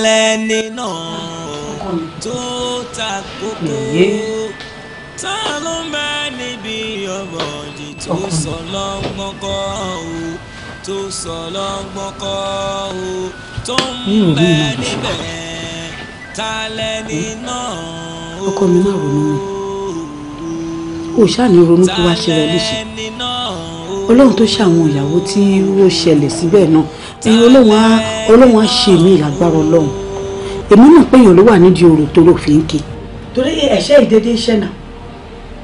lẹ́ni náà kan ni. tó ta kókó ta ló ń bẹ níbi ọ̀bọ̀dì tó sọ lọ́gbọ́n o tó sọ lọ́gbọ́n o tó ń bẹ níbẹ̀ ta lẹ́ni náà o. ọkọ mi máa ronú mi ò ṣáà ní ronú kí wàá ṣe rẹ léṣe ọlọ́run tó ṣàwọn ìyàwó tí ó ṣẹlẹ̀ síbẹ̀ náà ẹ̀yin ọlọ́run á ṣe mí ìlágbára ọlọ́run èmi náà péyàn ló wà nídìí ọ̀rọ̀ tó lò fi ń ké. torí ẹ̀ṣẹ́ ìdédé iṣẹ́ náà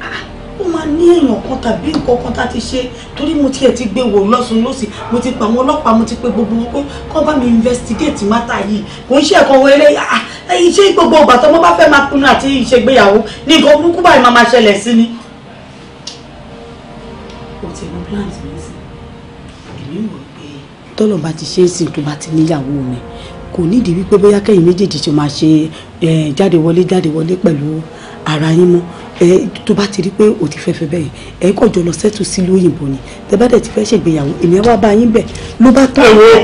ah, ó máa ní èèyàn kan tàbí nǹkan kan tá a ti ṣe torí mo tiẹ̀ ti gbé wò lọ́sùn lọ́sì mo ti pa àwọn ọlọ́pàá mo ti pe gbogbo wọn pé kọ́ bá mi investigate matter yìí kò ń ṣe ẹ̀kan wẹlé iṣẹ́ ah, gbogbo ọgbà tó mo bá fẹ́ máa pinnu àti ìṣègbéyàwó ní nǹkan burúkú báyìí máa máa ṣẹlẹ̀ sí ni. o ti mú plans mi sí èmi wò pé tọ́lọ̀ bá ti ṣe é sìn tó ti níyàwó mi kò nídìí wípé bóyá kẹ́yìn méjèèjì tó máa ṣe jáde wọlé jáde wọlé pẹ̀lú ara yín mọ́ tó bá ti rí pé ò ti fẹ́fẹ́ bẹ́yìn ẹ kọ́ jọ lọ sẹ́tù sí lóyìnbó ni tẹ bá dẹ̀ ti fẹ́ ṣègbéyàwó èmi wá bá yín bẹ̀ ló bá tán. ẹ wo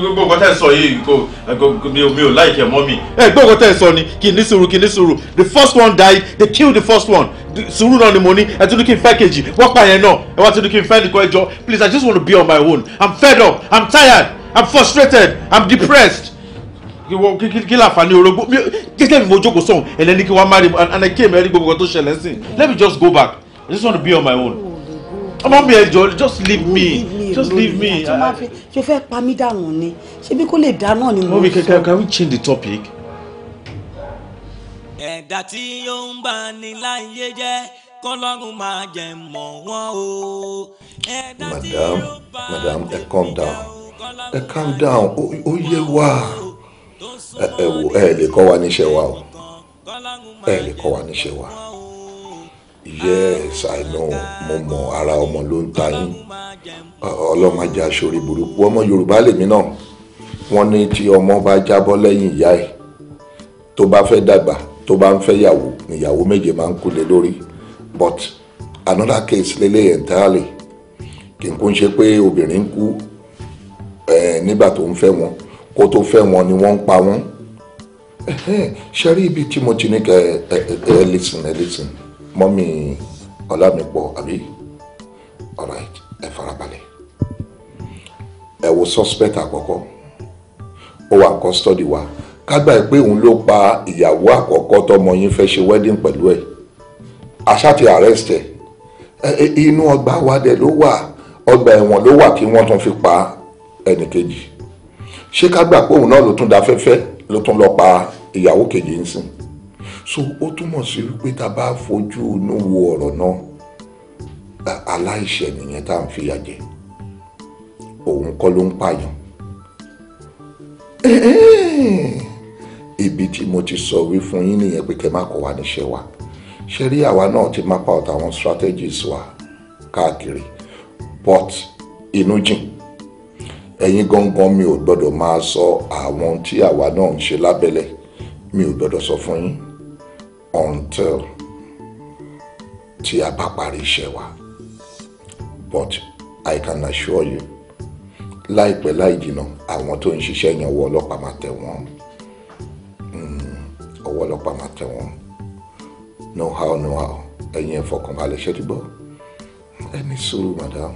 gbogbo nǹkan tẹ́ ẹ sọ yìí kò mi ò láìkẹ́ mọ́ mi. ẹ gbọ́ nǹkan tẹ́ ẹ sọ ni kì í ní sùúrù kì í ní sùúrù the first one died they killed the first one sùúrù náà ni mo ní ẹ tún ní kí n fẹ́ kejì wọ́n pa yẹn náà ẹ wá tún ní kí n fẹ́ nìkan ẹjọ́ please i just want to be on my own i'm fed up i'm tired i'm frustrated i'm depressed kí láǹfààní orogbo gẹ́gẹ́ bí mo jókòó sọ̀hún ẹlẹ́ni kí wọ́n má rí and i came ẹ̀rí gbogbo tó ṣẹlẹ̀ sí let me just go back i just want to be on my own ọmọ mi ẹjọ just leave me just leave me. You feel pa mí dànù ni ṣebí kó lè dá náà ni mo can we change the topic. madam madam calm down ẹ calm down ó yé wa ẹ wò ẹ lè kọ́ wa níṣẹ́ wa o ẹ lè kọ́ wa níṣẹ́ wa yes i know mo mọ ara ọmọ ló ń ta yín ọlọ́mọ ajá sórí burúkú ọmọ yorùbá lèmi náà wọ́n ní tí ọmọ bá jábọ́ lẹ́yìn ìyá ẹ̀ tó bá fẹ́ dàgbà tó bá ń fẹ́ yàwó ìyàwó méje máa ń kúlẹ̀ lórí but another case lélẹ̀ entirely kì í kún ṣe pé obìnrin ń kú Eh, nígbà tó ń fẹ́ wọn kó tó fẹ́ wọn ni wọ́n ń pa wọ́n ṣe rí ibi tí mo ti ní kẹ ẹ ẹ listen ẹ listen mọ́mí ọlámipọ̀ àbí alright ẹ farabalẹ̀ ẹ wo suspect àkọ́kọ́ ó wà custody wa kágbà pé òun ló pa ìyàwó àkọ́kọ́ tọmọ yín fẹ́ ṣe wedding pẹ̀lú ẹ̀ aṣáàtì arrest ẹ̀ inú ọgbà wa dẹ̀ ló wà ọgbà ẹ̀wọ̀n ló wà kí wọ́n tún fi pa á ẹnì kejì ṣé ká gbà pé òun náà ló tún da fẹ́fẹ́ ló tún lọ pa ìyàwó kejì ń sìn so ó túmọ̀ sí wípé tá a bá fojú inú wo ọ̀rọ̀ náà aláìṣẹ̀ nìyẹn tá à ń fìyà jẹ òun kọ́ ló ń pààyàn ibi tí mo ti sọ wí fún yín nìyẹn pé kẹ́ má kọ́ wa níṣẹ́ wa ṣe rí àwa náà ti map out àwọn strategies wa káàkiri but inú jìn ẹ̀yin gangan mi ò gbọ́dọ̀ máa sọ àwọn tí àwa náà ń ṣe lábẹ́lẹ̀ mi ò gbọ́dọ̀ sọ fún yín until tí a bá parí iṣẹ́ wa but I can assure you láìpẹ́ láì jìnnà àwọn tó ń ṣiṣẹ́ yẹn ọwọ́ ọlọ́pàá máa tẹ̀ wọ́n hmm, ọwọ́ ọlọ́pàá máa tẹ̀ wọ́n no how no how ẹ̀yin ẹ fọkànbalẹ̀ ṣẹ́ ti gbọ́ ẹni sùúrù madam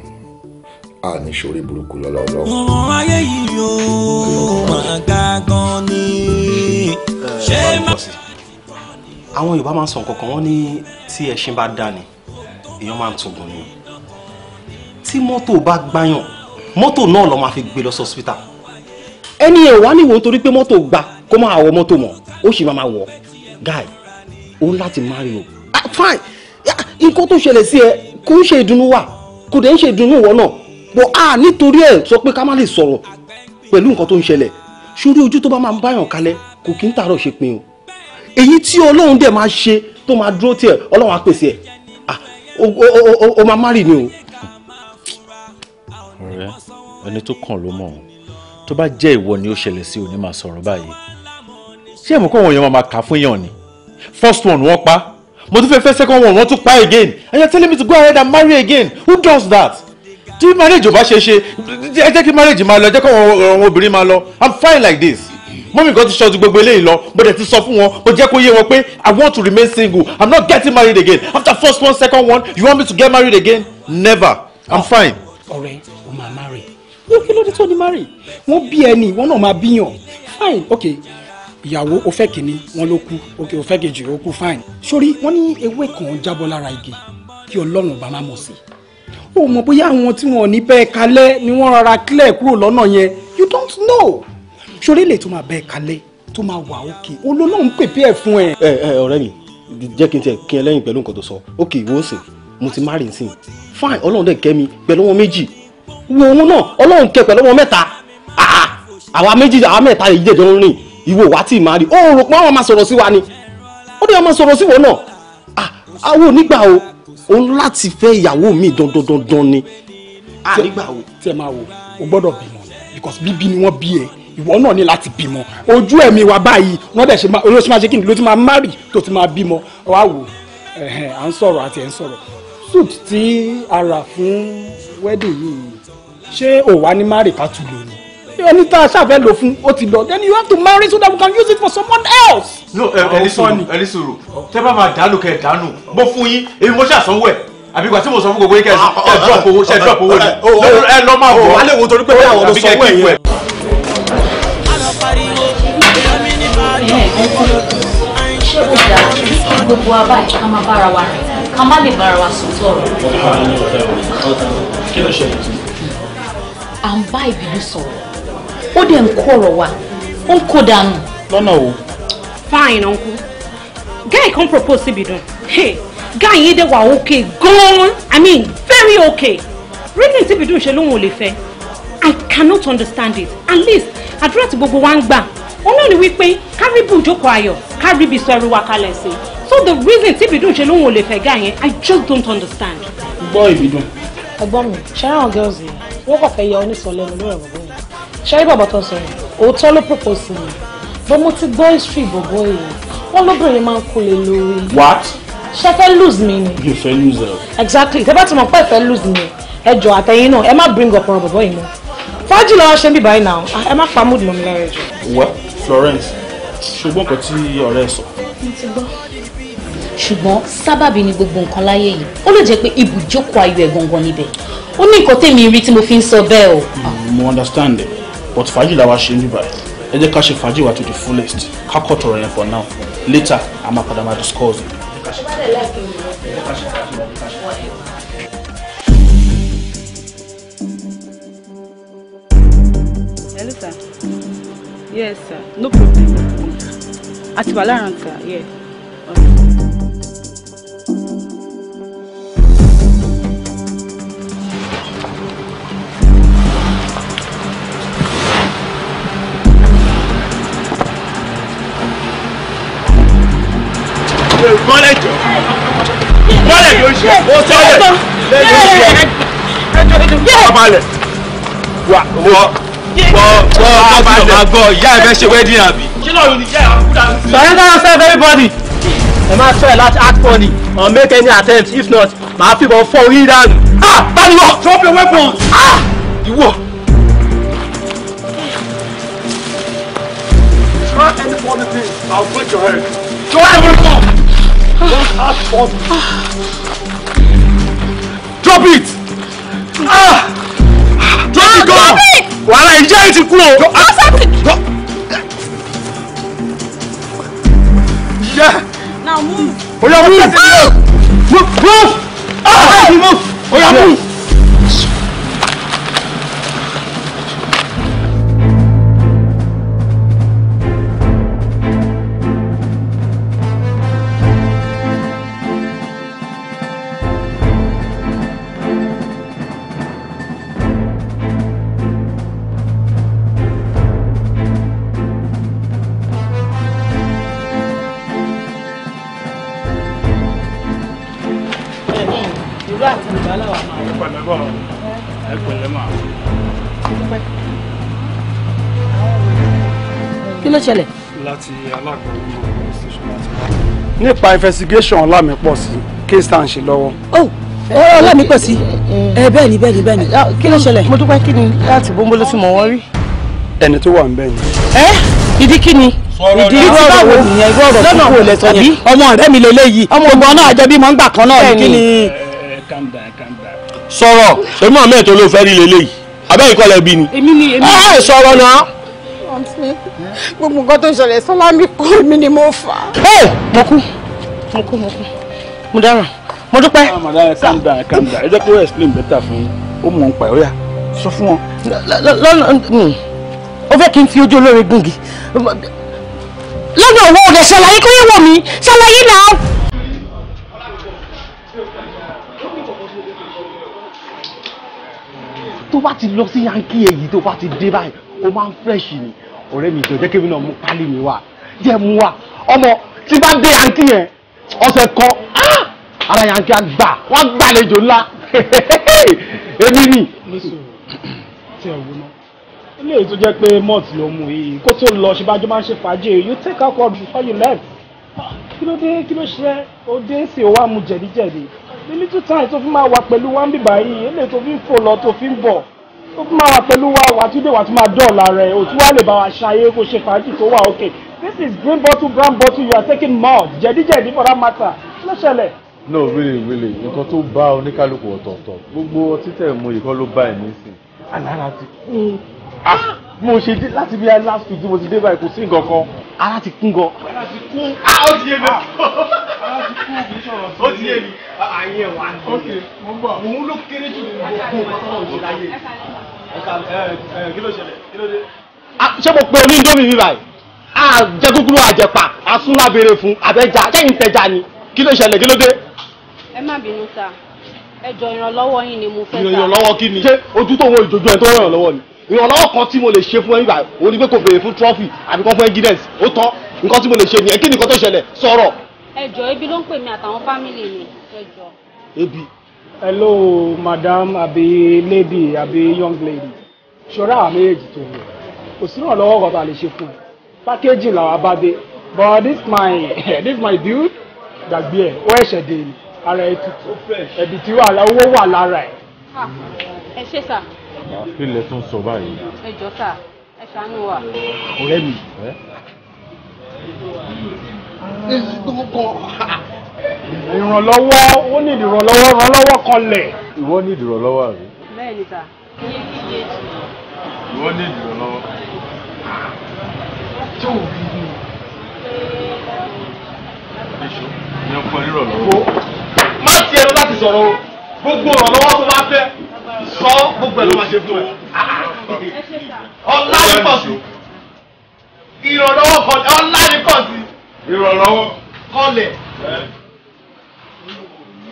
a ní sórí burúkú lọ́lọ́lọ́. ọ̀rọ̀ ayé yìí o máa ga gan ni. ṣé máa. àwọn Yorùbá máa ń sọ nǹkan kan wọ́n ní tí ẹṣin bá dà ní èèyàn máa ń tògùn ni tí mọ́tò bá gbáyàn mọ́tò náà ló máa fi gbé lọ sọ́sítà ẹni ẹ̀ wá níwò torí pé mọ́tò gba kó máa wọ mọ́tò mọ́ ó sì máa wọ̀ guy ó ń láti marry o ah, fine nǹkan tó ṣẹlẹ̀ sí ẹ kò ń ṣe ìdùnnú wa kò dẹ̀ ń ṣe ìdùnnú ìwọ náà bọ̀ a ah, nítorí ẹ̀ sọ pé ká má lè sọ̀rọ̀ pẹ̀lú nǹkan tó ń ṣẹlẹ̀ sórí ojú tó bá máa ń báyàn kalẹ̀ kò kí ń tààrọ̀ ṣe pin o èyí tí ọlọ́run dẹ̀ máa ṣe tó máa dúró tiẹ̀ ọlọ́run á pèsè ẹ̀ ah, o máa má rì ni o. ọ̀rẹ́ ẹni tó kàn ló mọ̀ tó bá jẹ́ ìwọ ni ó ṣẹlẹ̀ sí òní máa sọ̀rọ̀ báyìí ṣé ẹ̀mọ́ kọ́ wọ̀nyẹn máa kà fún yàn ni first one wọ́n pa mo tún fẹ́ fẹ́ second one wọ́n tún pa again and you're telling me to go ahead and marry again who does that tí marriage ò bá ṣe ṣe ẹ jẹ́ kí marriage máa lọ ẹ jẹ́ kí àwọn obìnrin máa lọ i'm fine like this mọ́mí kan ti ṣọ́ọ́dún gbogbo eléyìí lọ bó dẹ̀ ti sọ fún wọn bó jẹ́ kó yé wọn pé i want to remain single i'm not getting married again after first one second one you want me to get married again never i'm ah, fine. ọ̀rẹ́ o máa marry yóò kí ló tó ní marry wọ́n bí ẹni wọ́n náà máa bíyàn fine okay ìyàwó o fẹ́ kìíní wọn ló kú okay o fẹ́ kejì ó kú fine sórí wọ́n ní ewé kan jábọ́ lára igi kí ọlọ́run ọba má mọ̀ sí i o mọ̀ bóyá àwọn tí wọn ò ní bẹ́ẹ̀ kalẹ̀ ni wọ́n rọra clear kúrò lọ́nà yẹn you don't know ṣoré lè tó máa bẹ́ẹ̀ kalẹ̀ tó máa wà òkè olólùwọ̀n pèpè ẹ̀ fún ẹ. ẹ ẹ ọ̀rẹ́ mi jẹ́ kí n tiẹ̀ kí ẹ lẹ́yìn pẹ̀lú nǹkan tó sọ òkè ìwọ sìn mo ti márìn sìn fine ọlọ́run dẹ̀ kẹ́ mi pẹ̀lú wọn méjì wo òun náà ọlọ́run kẹ́ pẹ̀lú wọn mẹ́ta ah, ah, àwa méjì àwa mẹ́ta yìí jẹ̀jọ́ ń rìn ìwọ wá tí ì máa rí ó rò pé àwọn máa sọ̀rọ̀ sí wa ni ó dẹ̀ máa sọ̀rọ̀ sí wọn náà àwọn ah, ò ní gbà o o ń láti fẹ́ ìyàwó mi dandandandan ni. a nígbà wo. tí ẹ máa wo o gbọ́dọ̀ bímọ because bíbí ni wọ́n bí ẹ ìwọ náà ní láti bímọ ojú ẹ̀mí wa báyìí wọ́n dẹ̀ ṣe máa olóṣù máa ṣe kí ni ló ti máa márì tó ti máa bímọ wá wò à ń sọ̀rọ̀ àti ẹ̀ ń sọ̀rọ̀ suit tí a rà fún wedding yìí ṣé òwa ní márì ká tù lónìí ẹni tá a ṣàfẹ́ lò fún ó ti lọ then you have to marry so that we can use it for someone else. no ẹni sùúrù ẹni sùúrù tẹ bá máa dànù kẹ dànù mo fún yín èmi mo ṣàsanwó ẹ àbí ìgbà tí mo sọ fún gbogbo yín kẹ ẹ drop owó ṣe drop owó ni ẹ lọ máa wọ alẹ́ wo torí pé bóyá àwọn ló sọ wẹ̀ yẹn. ṣé ó dáa kí gbogbo abáyé ká má bára wa rìn ká má lè bára wa sùn sọ̀rọ̀. kí ló ṣẹlẹ̀ tún. à ń bá ìbínú sọ̀rọ̀ ó dẹ̀ ń kó wa ó ń kó dànù. lọ́nà o. fine uncle guy kan propose síbi dùn hey, guy yìí dẹ̀ wà okay gan i mean very okay reason síbi dùn ṣe lóun ò lè fẹ́ i cannot understand it at least àdúrà tí gbogbo wa ń gbà òun náà ni wípé kárìbù jókòó ayọ̀ kárìbì sọ ẹrú wa kalẹ̀ sí so the reason tí ìbídùn ṣe lóun ò lè fẹ́ gà yẹn i just don't understand. gbọ́ ìbídùn. ẹ̀gbọ́n mi ṣẹ́ràn girls yìí wọ́n kàn fẹ́ yọ onísọ̀lẹ́nu lórí ọ̀bọ̀bọ̀ ṣẹ́rí bàbá tó sọ òótọ́ ló propose mi bó mo ti gbọ́ history bọ̀bọ̀ yìí wọ́n lóbìnrin máa ń kó lè lórí. what. ṣe fẹ́ lose mi ni. you fẹ́ lose her. exactly tẹ́ bá ti mọ̀ pé ẹ fẹ́ lose mi ẹ jọ àtẹ̀yìn náà ẹ má bring up ọ̀rọ̀ bọ̀bọ̀ yìí mọ́ fájì lọ́wọ́ ṣe ń bì báyìí náà ẹ má pa mood mọ́ mi lára well Florence ṣùgbọ́n kan tí ọ̀rẹ́ sọ. mo ti gbọ́ ṣùgbọ́n sábàbí ni gbogbo nǹkan láyé yìí ó lè jẹ́ pé ibùjókòó ayọ̀ ẹ̀ gangan níbẹ̀ ó ní nǹkan tèmi rí tí mo fi ń sọ bẹ́ẹ̀ o. Mm, mo understand it but fàájì làwa ṣe níbà ẹ jẹ́ ká ṣe fàájì wa to the fullest ká kọ́ tọrọ yẹn for now later a máa padà máa discuss. yes sir no problem àti wà yeah. mọ́lẹ̀ jọ mọ́lẹ̀ yóò ṣe ó sọ́lẹ̀ lẹ́yìn oṣù ọ̀pálẹ̀ wà surrender yourself everybody ẹ máa try láti act funny or make any attempt if not màá fìbọn fọ́ orí dànù. ah báyìí wọ drop your weapons. ah you. ìwọ. Try any funny thing, I'll break your head. Try every form. Don't ask for me. Drop it! Ah! Drop it, go! Wàhálà ìjẹ́ yìí ti kú o. Ah! Yeah. Now move. Oya move. Ah! Move. Move. Ah! ah! Move. Oya move. ìṣòro àti ìgbàlá wà máa. ìpàdé bọ̀ ẹ pẹ̀lẹ́ mà. kí ló ṣẹlẹ̀. láti alágbèrè ìwé station láti wá. nípa investigation ọlámipọ̀ sí case tá à ń ṣe lọ́wọ́. ó ọlámipọ̀ sí ẹ eh, eh, eh, bẹ́ẹ̀ ni bẹ́ẹ̀ ni bẹ́ẹ̀ ni ah, kí ló ṣẹlẹ̀. mo dúpẹ́ kí ni láti bóńbó ló ti mọ̀ wọ́n rí. ẹni tó wà ń bẹ̀ ni. ẹ ìdí kí ni ìdí irú ọ̀rọ̀ wo nìyẹn irú ọ̀rọ̀ tó kú ò lẹ́sọ̀ yẹn ọmọ ọ̀rẹ́ mi lélẹ́yìí gbogbo náà jẹ́ bí mọ̀ ń gbà kan náà ní kí ni sọ̀rọ̀ ṣé mọ̀ mẹ́ẹ̀ tó ló fẹ́ rí lélẹ́yìí abẹ́ ìkọlẹ̀ bí ni. èmi ni èmi. ẹ sọ̀rọ̀ náà. gbogbo nǹkan tó ṣẹlẹ̀ sọ́lá mi kọ́ èmi ni mo fà mo kú mo kú mo kú mo dáràn mo dúpẹ́. Ah, madam calm down calm down ẹ jẹ́ kí ó explain better fún yín ó mọ̀ ń pa ẹ̀rọ yà sọ fún wọn. lọ́nà ó fẹ́ kí n fi ojú olóore gùn gi lọ́nà owó ọ̀dẹ̀ ṣàlàyé kó yẹ wọ̀ mí ṣàlàyé náà. tó bá ti lọ sí yankí èyí tó bá ti dé báyìí ó máa ń fresh ni ọ̀rẹ́ mi jọ jẹ́ mi náà mú pálí mi wá jẹ́ mú wá ọmọ tí bá dé yankí yẹn ọ̀sẹ̀ kan ah! ara yankí á gbà wọ́n gbàlejò ńlá èmi ni. tí ẹ tó jẹ́ pé malt ló mú yìí kó tó lọ ṣe máa ń ṣe fàájì you take alcohol before you left kí ló dé kí ló ṣe ó dé sí ó wá mu jẹ̀díjẹ̀dí the little time tó fi máa wà pẹ̀lú wa ń bìbà yìí eléyìí tó fi ń fò lọ tó fi ń bọ̀ tó fi máa wà pẹ̀lú wa wà tí déwà tó máa dọ̀ọ̀la rẹ̀ òtún wà lè bá wa ṣayé kó ṣe fàájì tó wà okay this is green bottle brown bottle you are taking mouth jẹ̀díjẹ̀dí for that matter ló ṣẹlẹ̀. no really really nǹkan tó bá oníkálukú ọ̀tọ̀ọ̀tọ̀ gbogbo ọtí tẹ̀ mú ìkọ́ ló bá ẹ̀mí sí i. alára ti kú. Ah! mo ṣe dé láti bí last week mo ti dé báyìí kò sí nǹkan kan ara ti kún gan. ara ti kún ah ó ti yé mi. Ah. ara ti kún kì í sọ̀rọ̀ sí. ó ti yé mi. àyè ah, ah, wà ní. ok mo ń bọ̀. òun ló kéré jù nínú gbogbo ọ̀sán òjò láyé. kí ló ṣẹlẹ̀ kí ló dé. ṣé mo pe onídómi mi báyìí àjẹ kúkúrú àjẹpà àsúnlá béèrè fún àbẹjà sẹ́yìn tẹja ni kí ló ṣẹlẹ̀ kí ló dé. ẹ má bínú sá ẹ jọ ìrànlọ́wọ́ yín ni mo fẹ́ sá. ìrànlọ́wọ́ kí ni ṣé ojú tó wọ ìjòjú ẹ tó ràn lọ́wọ́ ni ìrànlọ́wọ́ kan tí mo lè ṣe fún ẹ nígbà ó ní pé kò béèrè fún trọ́fì àbí kan fún evidence ó tọ́ nǹkan tí mo lè ṣe nìyẹn kí nìkan tó ṣẹlẹ̀ sọ̀rọ̀. ẹjọ ebi ló ń pè mí àtàwọn fámìlì mi ẹjọ. ebi. hello madam àbí lady àbí young lady ṣọ́ra àwọn méjèèjì tó wù kò sí ìrànlọ́wọ́ kan tá a lè ṣe fún ẹ pákéjì làwọn bá dé but this my this my dude gbàgbé ẹ ó ẹ̀ṣẹ̀ dé ni ara ẹ tutù ẹ̀bì tí wà owó wà lára ẹ. Ah, ẹ ṣe sà kí lẹ tún sọ báyìí. ẹ jọ sà ẹ ṣàánú wa. ọ̀rẹ́ mi ìrànlọ́wọ́ ó ní ìrànlọ́wọ́ ìrànlọ́wọ́ kọlẹ̀. ìwọ ní ìrànlọ́wọ́ rẹ. bẹ́ẹ̀ni ta. ìwọ ní ìrànlọ́wọ́. tí ò bí mi. ẹṣọ ni ọkọ ìrànlọ́wọ́. má tiẹ̀ láti sọ̀rọ̀ o gbogbo ìrànlọ́wọ́ tó bá fẹ́ sọ gbogbo ẹ̀ ló máa ṣe fún ẹ. ọ̀la ni pọ̀ sí ìrànlọ́wọ́ kọlẹ̀ ọ̀la ni pọ̀ sí. ìrànlọ́wọ́ kọlẹ̀.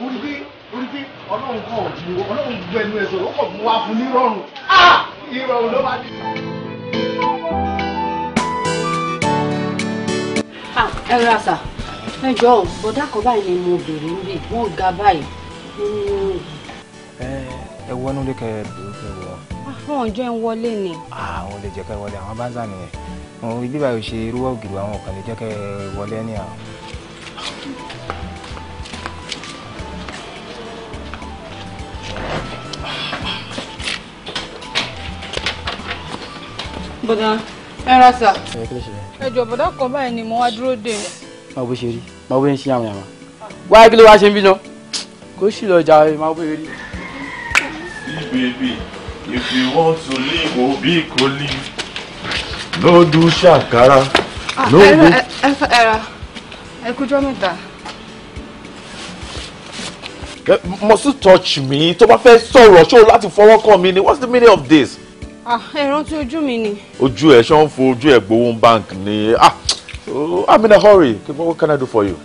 orí bí orí bí ọlọ́run kọ̀ ọ̀dùn ọlọ́run gbẹnu ẹ̀ sọ̀rọ̀ ó kọ̀ mú wa fún ní ìrọ̀rùn ló máa dé. ẹ ra sà ẹ jọ bọdá kan báyìí ni mo bèrè níbi wọn ga báyìí ẹ wọnú lé kẹ ẹ lò ó kẹ wọ. àwọn ah, ọjọ́ ń wọlé ni. àwọn ah, olè jẹ́ kẹ́ wọlé àwọn bá ń sà nìyẹn òun ibi báyìí ṣe irú ògiri àwọn ọ̀kan lè jẹ́ kẹ́ wọlé ní àwọn. bọ̀dà ẹ ra sà. ẹ jọ bọ̀dà kan báyìí ni mo wá dúró dè. máa bó ṣe rí máa bó ṣe ń ṣe àwọn yàrá wáyé kí ló wá ṣe ń bí náà kó sì lọ jà máa bó ṣe rí baby. If you want to live, Obi go live. No do shakara. Ah, no Ah, do. Era, ẹ kú jọ́ mẹ́ta. Must you touch me? To my fẹ́ sọ̀rọ̀ ṣó láti fọwọ́ kàn mí ni. What's the meaning of this? Ah, ẹ rántí ojú mi What Ojú ẹ̀ ṣọ́ ń fo ojú ẹ̀ gbowó bank ni. Ah, oh, I'm in a hurry. What can I do for you?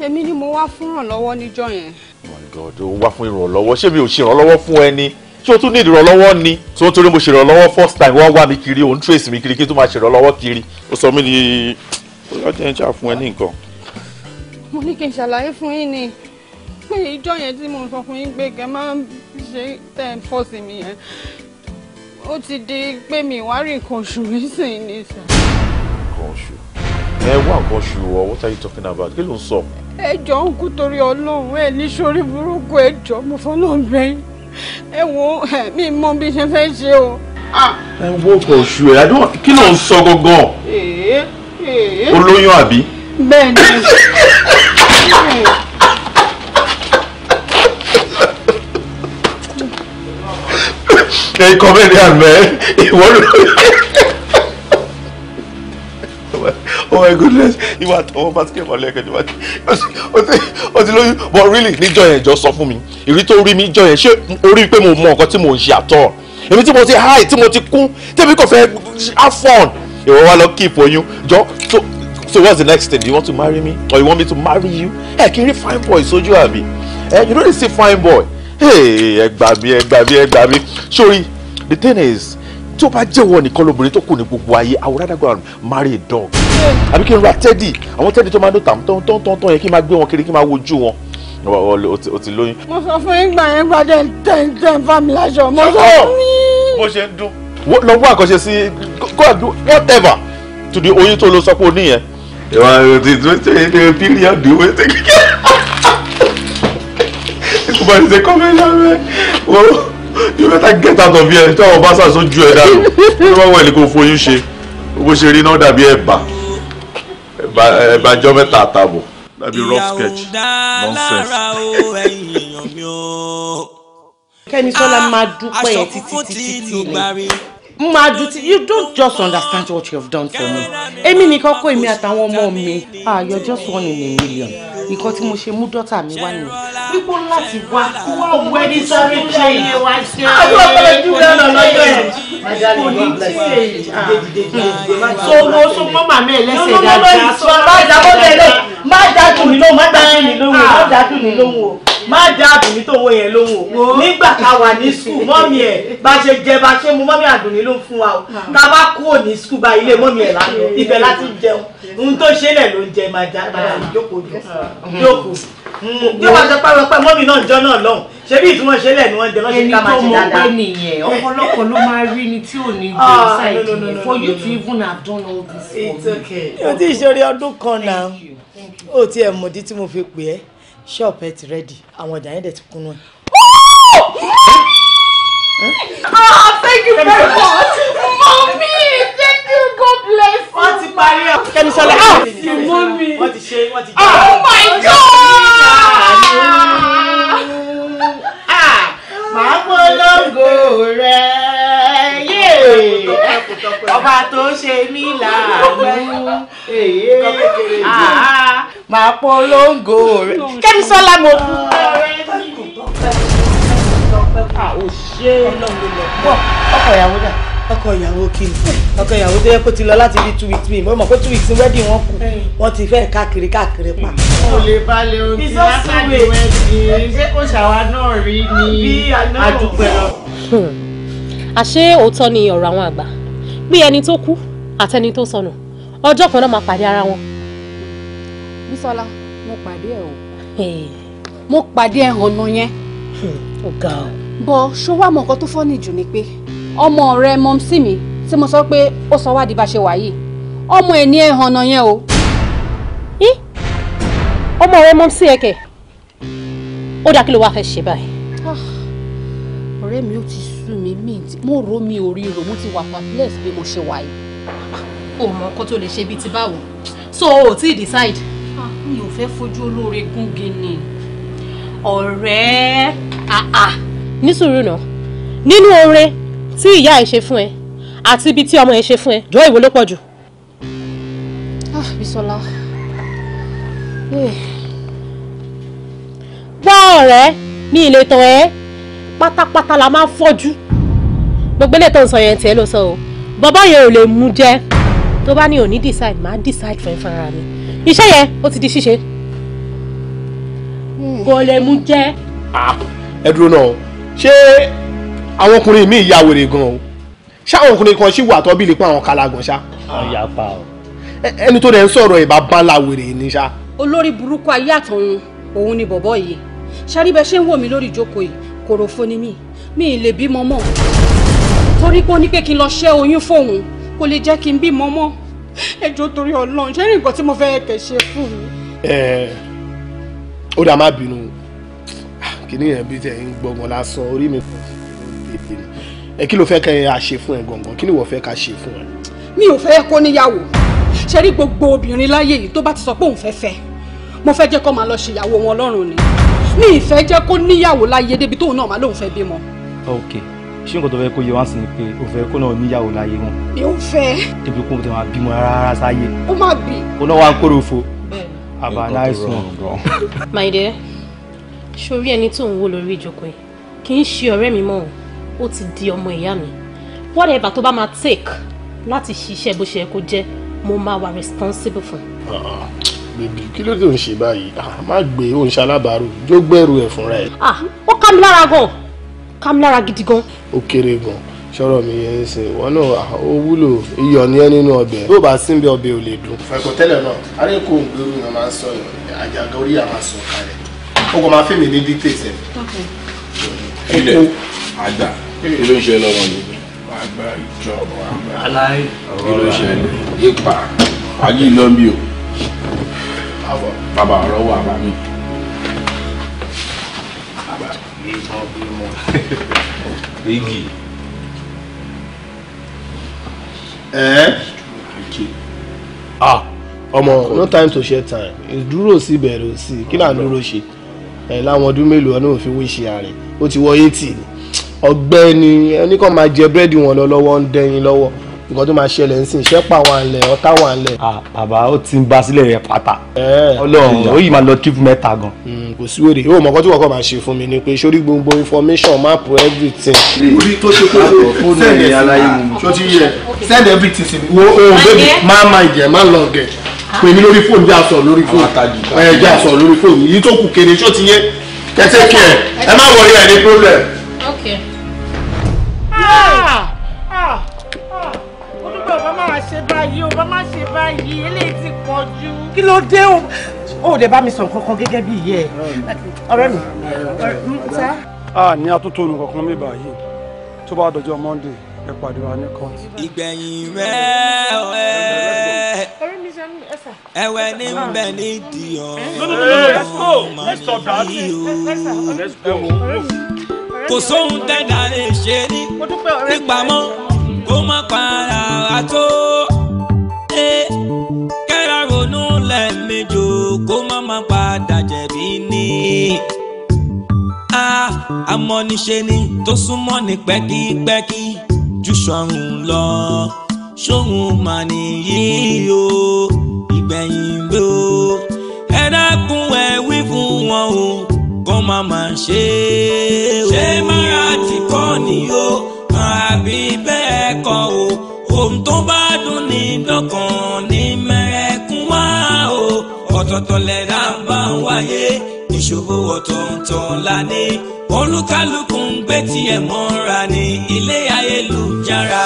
mean? Èmi ni mo wá fún ìrànlọ́wọ́ níjọ́ join. Oh my god ó wá fún ìrànlọ́wọ́ ṣé mi ò ṣe ìrànlọ́wọ́ fún ẹ ni ṣé o tún ní ìrànlọ́wọ́ ni tí wọ́n torí mo ṣe ìrànlọ́wọ́ first time wọ́n wá mi kiri òun trace mi kiri kí n tó máa ṣe ìrànlọ́wọ́ kiri ó sọ mí ni bóyá jẹ́ ń ṣà fún ẹ ní nǹkan. mo ní kí n ṣàlàyé fún yín ni pé ìjọ yẹn tí mo sọ fún yín pé kẹ máa ń ṣe tẹ̀ ń mi yẹn ó ti di pé mi ìwárí nǹkan oṣù mi sì ní ẹ wá nǹkan ṣù ọ what are you talking about kí ló ń sọ. ẹ jọ ń kú torí Ọlọ́run ẹ ní sórí burúkú ẹ jọ mo fọlọ́run bẹ́ẹ̀ ẹ wo mi mọ bí ṣe fẹ́ ṣe o. Ah! ẹ wo kò ṣù ẹ kí ló ń sọ gangan olóyún àbí. bẹ́ẹ̀ ni. ẹ kọ́ bẹ́ẹ̀ ni àmẹ́ ìwọ́n ló. my goodness ìwà àtọwọ́ basketball lẹ́ẹ̀kan ní wájú ó ti lóyún but really níjọ yẹn jọ sọ fún mi ìrí tó rí mi níjọ yẹn ṣé orí pé mo mọ nǹkan tí mo ń ṣe àtọ èmi tí mo ti háì tí mo ti kún tèmi kò fẹ́ have fun ìwọ wa lọ keep oyún jọ so so what's the next thing you want to marry me or you want me to marry you ẹ kì í rí fine boy sójú àbí ẹ you no dey see fine boy ẹ gbà mí ẹ gbà mí ẹ gbà mí sorry the thing is tí o bá jẹ́wọ́ nìkan lóbìnrin tó kù ní gbogbo ayé I would rather go and marry a dog àbí kí n ra tẹ́dì àwọn tẹ́dì tó máa ń dò tàn tán tán tán tán yẹn kí n máa gbé wọn kiri kí n máa wojú wọn o ti lóyún. mo sọ fún yín gbà yẹn gbà dé ten ten family aṣọ mo sọ fún yín. bó ṣe ń dún. lọ wá àkànṣe sí god whatever to the oyún tó lọ sọ pé o níyẹn. ìwà ìròyìn tó ṣe é ní píríọ̀dù ìwé ṣe kíkẹ́. ìkùbọ̀ ìṣe kọ́mẹ́ lábẹ́ wọ́n you better get out of here tí àwọn bá ṣàṣojú ẹ̀ dànù tí wọ́n wẹ̀ ní kò foyún ṣe bó ṣe rí náà dàbí ẹ̀bà ìbàjọ́ eh, mẹ́ta àtààbọ̀ dàbí rough sketch nonsense. kẹ́mi sọ́la ah, máa dúpẹ́ ẹ̀ títí títí ni madu you don't just understand what you have done for me èmi nìkan kọ́ èmi àtàwọn ọmọ mi ah you're just one in a million nǹkan tí mo ṣe mú dọ́tà mi wá nìyẹn. wípé láti wá wọ́n wẹ́ni sọ́rí ṣe ìyẹn wá ṣe é. àwọn ọmọ ìdúró lọ́jọ́ yẹn kò ní tí so mo so mọ màmí ẹ lẹ́sẹ̀ dáadáa so má dábọ lẹlẹ má dájú mi lóhùn má dájú mi lóhùn o má dájú mi lóhùn o má dájú mi tó wo yẹn lóhùn o nígbà tá a wà ní skul mọ́mí ẹ̀ bá ṣe jẹ bá ṣe mu mọ́mí àdùnní ló fún wa o tá a bá kúrò ní skul bá ilé mọ́mí ẹ̀ lánàá ibẹ̀ láti jẹun ohun tó ṣẹlẹ̀ ló ń jẹ má dájú jókòó jókòó bí mm. wọ́n sọ pẹ́pẹ́ mọ́mì náà jọ náà lọ́hùn ṣé bí ìtumọ̀ ṣẹlẹ̀ ni wọ́n jẹ lọ́sẹ̀ ẹni tó mọ pé nìyẹn ọ̀pọ̀lọpọ̀ ló máa rí ni tí ò ní jẹ ṣáìdì yẹn for you to even have done all this for me. it's okay. yóò ti ṣeré ọdún kan náà ó ti ẹ̀ mọ̀dí tí mo fi pè ẹ́ ṣọ́ọ̀pù ẹ ti rẹ́dì àwọn ọ̀dà yẹn dẹ̀ ti kúnnú ẹ̀. Ah, thank you very much mommy thank you god bless you. wọ́n ti parí ọ̀. kẹ́mi sọlá ah. mọ́mí. wọ́n ti ṣe wọ́n ti jẹ́. oh my god. màá polongo rẹ yé ọba tó ṣe mí láàánú ah, màá polongo rẹ kẹ́mi sọ́lá mo kú ọ̀rẹ́ mi. ọkọ̀ ìyàwó dà ọkọ ìyàwó kí ni ọkọ ìyàwó tó yẹ kó ti lọ láti bí two weeks mi mo mọ̀ pé two weeks wedding wọn kù mm. wọ́n ti fẹ́ káàkiri káàkiri pa. o mm. lè balẹ̀ o ti lásàdì wẹ́ẹ̀dì ṣé kò ṣàwa náà rí ni àdúpẹ́ ah, lọ. Hmm. àṣé òótọ́ ni ọ̀rọ̀ àwọn àgbà pé ẹni tó kú àtẹni tó sọnù ọjọ́ kan náà máa pàdé ara wọn. Bísọ́lá mo pàdé ẹ̀ o mo pàdé ẹ̀ ọ̀nà yẹn. Hmm, ó ga ọ. bọ́ ṣó wá mọ̀ nǹkan tó fọ́ nìjù ni pé ọmọ rẹ mọ̀mísì mi tí mo sọ pé ó sọ wádìí bá ṣe wà ọmọ ẹ̀ ní ẹ̀hànnà yẹn o. ọmọ rẹ mọ̀mísì ẹ kẹ̀ ó dá kí ló wá fẹ́ ṣe báyìí. Ah, ọ̀rẹ́ mi ò ti sú mi mint mo rò mi ò rí rò mo ti wà perplex bí mo ṣe wà yìí. o mọ kó tó lè ṣe bíi ti báwo so o ti decide. Ah, mi ò fẹ́ fojú olóore gúngi ni ọ̀rẹ́ àà. Ah, ní sùúrù náà nínú oore tí ìyá ẹ ṣe fún ẹ àti ibi tí ọmọ ẹ ṣe fún ẹ jọ ìwọ ló pọ̀ jù. ah Bisola gbọ́ ọ̀rẹ́ mi ì lè tàn ẹ́ pátápátá la máa ń fọ́jú gbogbo ilé tó ń sọ yẹn tiẹ̀ ló sọ o bàbá yẹn ò lè mú jẹ tó bá ní òní decide máa decide fún ẹ fúnra mi iṣẹ́ yẹn ó ti di ṣíṣe hmm. kò lè mú jẹ. Ah, ẹ dúró náà ṣé àwọn ọkùnrin mi ìyá wèrè gan o ṣé àwọn ọkùnrin kan ṣì wà tó bíi lè pa àwọn kalagan ṣá. ọ̀yà o. ẹni tó dẹ̀ ń sọ̀rọ̀ ìbá bánlá wèrè ni ṣá. olórí burúkú ayé àtọ̀run òun ni bọ̀bọ̀ yìí ṣàríbẹ̀ ṣé ń wò mí lórí ìjókòó yìí kòròfo ni mí mi ì lè bímọ mọ́ torí pé ó ní pé kí n lọ ṣẹ́ oyún fóun kò lè jẹ́ kí n bímọ mọ́ ẹjọ́ torí ọlọ́run ṣé nǹkan tí mo fẹ́ kẹ̀ ṣe fún mi. ẹ ó dàá má bínú kí ni ìyẹn bí tẹ̀ ń gbọ́ngàn lásán orí mi kọ̀ béèrè ẹ kí ló fẹ́ kẹ́ a ṣe fún ẹ gangan kí ni ìwọ fẹ́ ká ṣe fún ẹ. mi ò fẹ́ kó níyàwó ṣe rí gbogbo obìnrin láyé yìí tó bá ti sọ pé òun fẹ́ fẹ́ mo fẹ́ jẹ́ kó máa lọ ṣèyàwó wọn lọ́rùn ni mi ìfẹ́ jẹ́ kó níyàwó láyé débi tóun náà máa lóun fẹ́ bímọ. ok ṣé nǹkan tó fẹ́ kó yẹ wá sí ni pé o fẹ́ kó náà níyàwó láyé wọn. mi ò fẹ́. débi kó tẹ máa bímọ rárá sáyé. ó máa bì. ó náà my dear ṣorí ẹni tó ń wò lórí ìjókòó yìí kì í ṣe ọ̀rẹ́ mi mọ́ ó ti di ọmọ ìyá mi whatever tó bá máa take láti ṣiṣẹ́ bó ṣe yẹ kó jẹ́ mo máa wà responsible fún. Ah, bèbí kí ló dé ò ń ṣe báyìí ah, má gbé òun ṣe alábàárò jó gbẹrù ẹ fúnra ah, ẹ. ó ká mi lára gan ká mi lára gidi gan. ó kéré gan sọ̀rọ̀ mi yẹn ṣe wọn náà ó wúlò iyọ̀ ní ẹ nínú ọbẹ̀ tó bá sí bí ọbẹ̀ ò lè dùn. fẹ̀kọ̀ tẹ́lẹ̀ náà arínkò ògbérù náà máa ń sọ àjàgà orí àwọn sọ̀kalẹ̀ ó kọ́ máa fẹ́mi ní dictate ẹ̀. ilẹ̀ àgbà kí ló ń ṣe lọ́wọ́ ni. àgbà ìjọ àgbà. aláì kí ló ń ṣe ni. ipa ayé ló ń bí o. bàbá ọ̀rọ̀ wà bá mi. bàbá bímọ bímọ. igi. ẹ. ah ọmọ no time to share time ìdúró sí bẹ̀rẹ̀ sí kí là ń dúró ṣe ẹ̀ láwọn ọdún mélòó ọ̀nà òfin wíṣẹ́ ààrẹ ó ti wọ eighty ni ọ̀gbẹ́ni oníkan máa jẹ búrẹ́dì wọn lọ lọ́wọ́ ń dẹ́yìn lọ́wọ́ nǹkan tó máa ṣẹlẹ̀ ńsìn iṣẹ́ pa wà ńlẹ̀ ọ̀tá wà ńlẹ̀. bàbá ó ti ń ba sílẹ̀ yẹn pátá ọlọ́run ó yìí máa lọ tíìpù mẹ́ta gan. Hmm, kò sí wèrè yóò mọ ọkọ tí kọkọ máa ṣe fún mi ni pé sórí gbogbo information map everything. orí tó ṣe kó ló fóònù ẹ̀yà aláyé mu tó ti yẹ send everything sí mi. wo ohun bébí máa ma ìjẹ máa lọ gẹ ah. pè mí lórí fóònù jẹ́ àsọ̀ lórí fóònù ẹ̀ jẹ́ àsọ̀ lórí fóònù yìí tó kù kéde ṣó ti yẹ kẹ́tẹ́kẹ́ ẹ má wọlé ẹ̀ ní problem. Okay. Ah! Ah! Ah! Olúgbà ọba máa ṣe báyìí, ọba máa ṣe báyìí, eléyìí ti pọ̀ jù. Kí ló dé o? Ó lè bá mi sọ nǹkan kan gẹ́gẹ́ bí ìyẹ́ Ọ̀rẹ́ mi. A ní atótónu kankan mi báyìí tó bá dọjọ́ Monday ẹ pàdé wa ní kan. Ìgbẹ̀yìn rẹ̀ ọ̀rẹ́. Ọ̀rẹ́ mi ṣe ń ẹ̀fà. Ẹ̀wẹ̀ ní bẹ̀ ní ìdíyàn. Let's go. Let's go. Let's go kò sóhun dẹ́dà lè ṣe ní nípamọ́ kó má para wa tó kẹ́ra ronú lẹ́ẹ̀mejò kó má má padà jẹ̀bi ní. amọ́niṣe ni tó súnmọ́ ní pẹ́kípẹ́kí ju sọ̀run lọ sóhun mà nìyí o ìgbẹ̀yìn gbé o ẹ dákun ẹ wí fún wọn o kó má má ṣe é o. ṣé Márátì kọ́ ni o àbí bẹ́ẹ̀ kọ́ o ohun tó bá dùn ní dọ́kàn ní mẹ́ẹ̀kún wá o ọ̀tọ̀ọ̀tọ̀ lẹ̀dá bá ń wáyé ìṣòro ọ̀tọ̀ọ̀tọ̀ la ní olúkálùkù ń gbé tiẹ̀ mọ́ra ní ilé ayélujára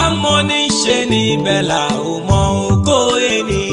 àmọ́ ní ṣe níbẹ̀ là ó mọ ogó ẹni.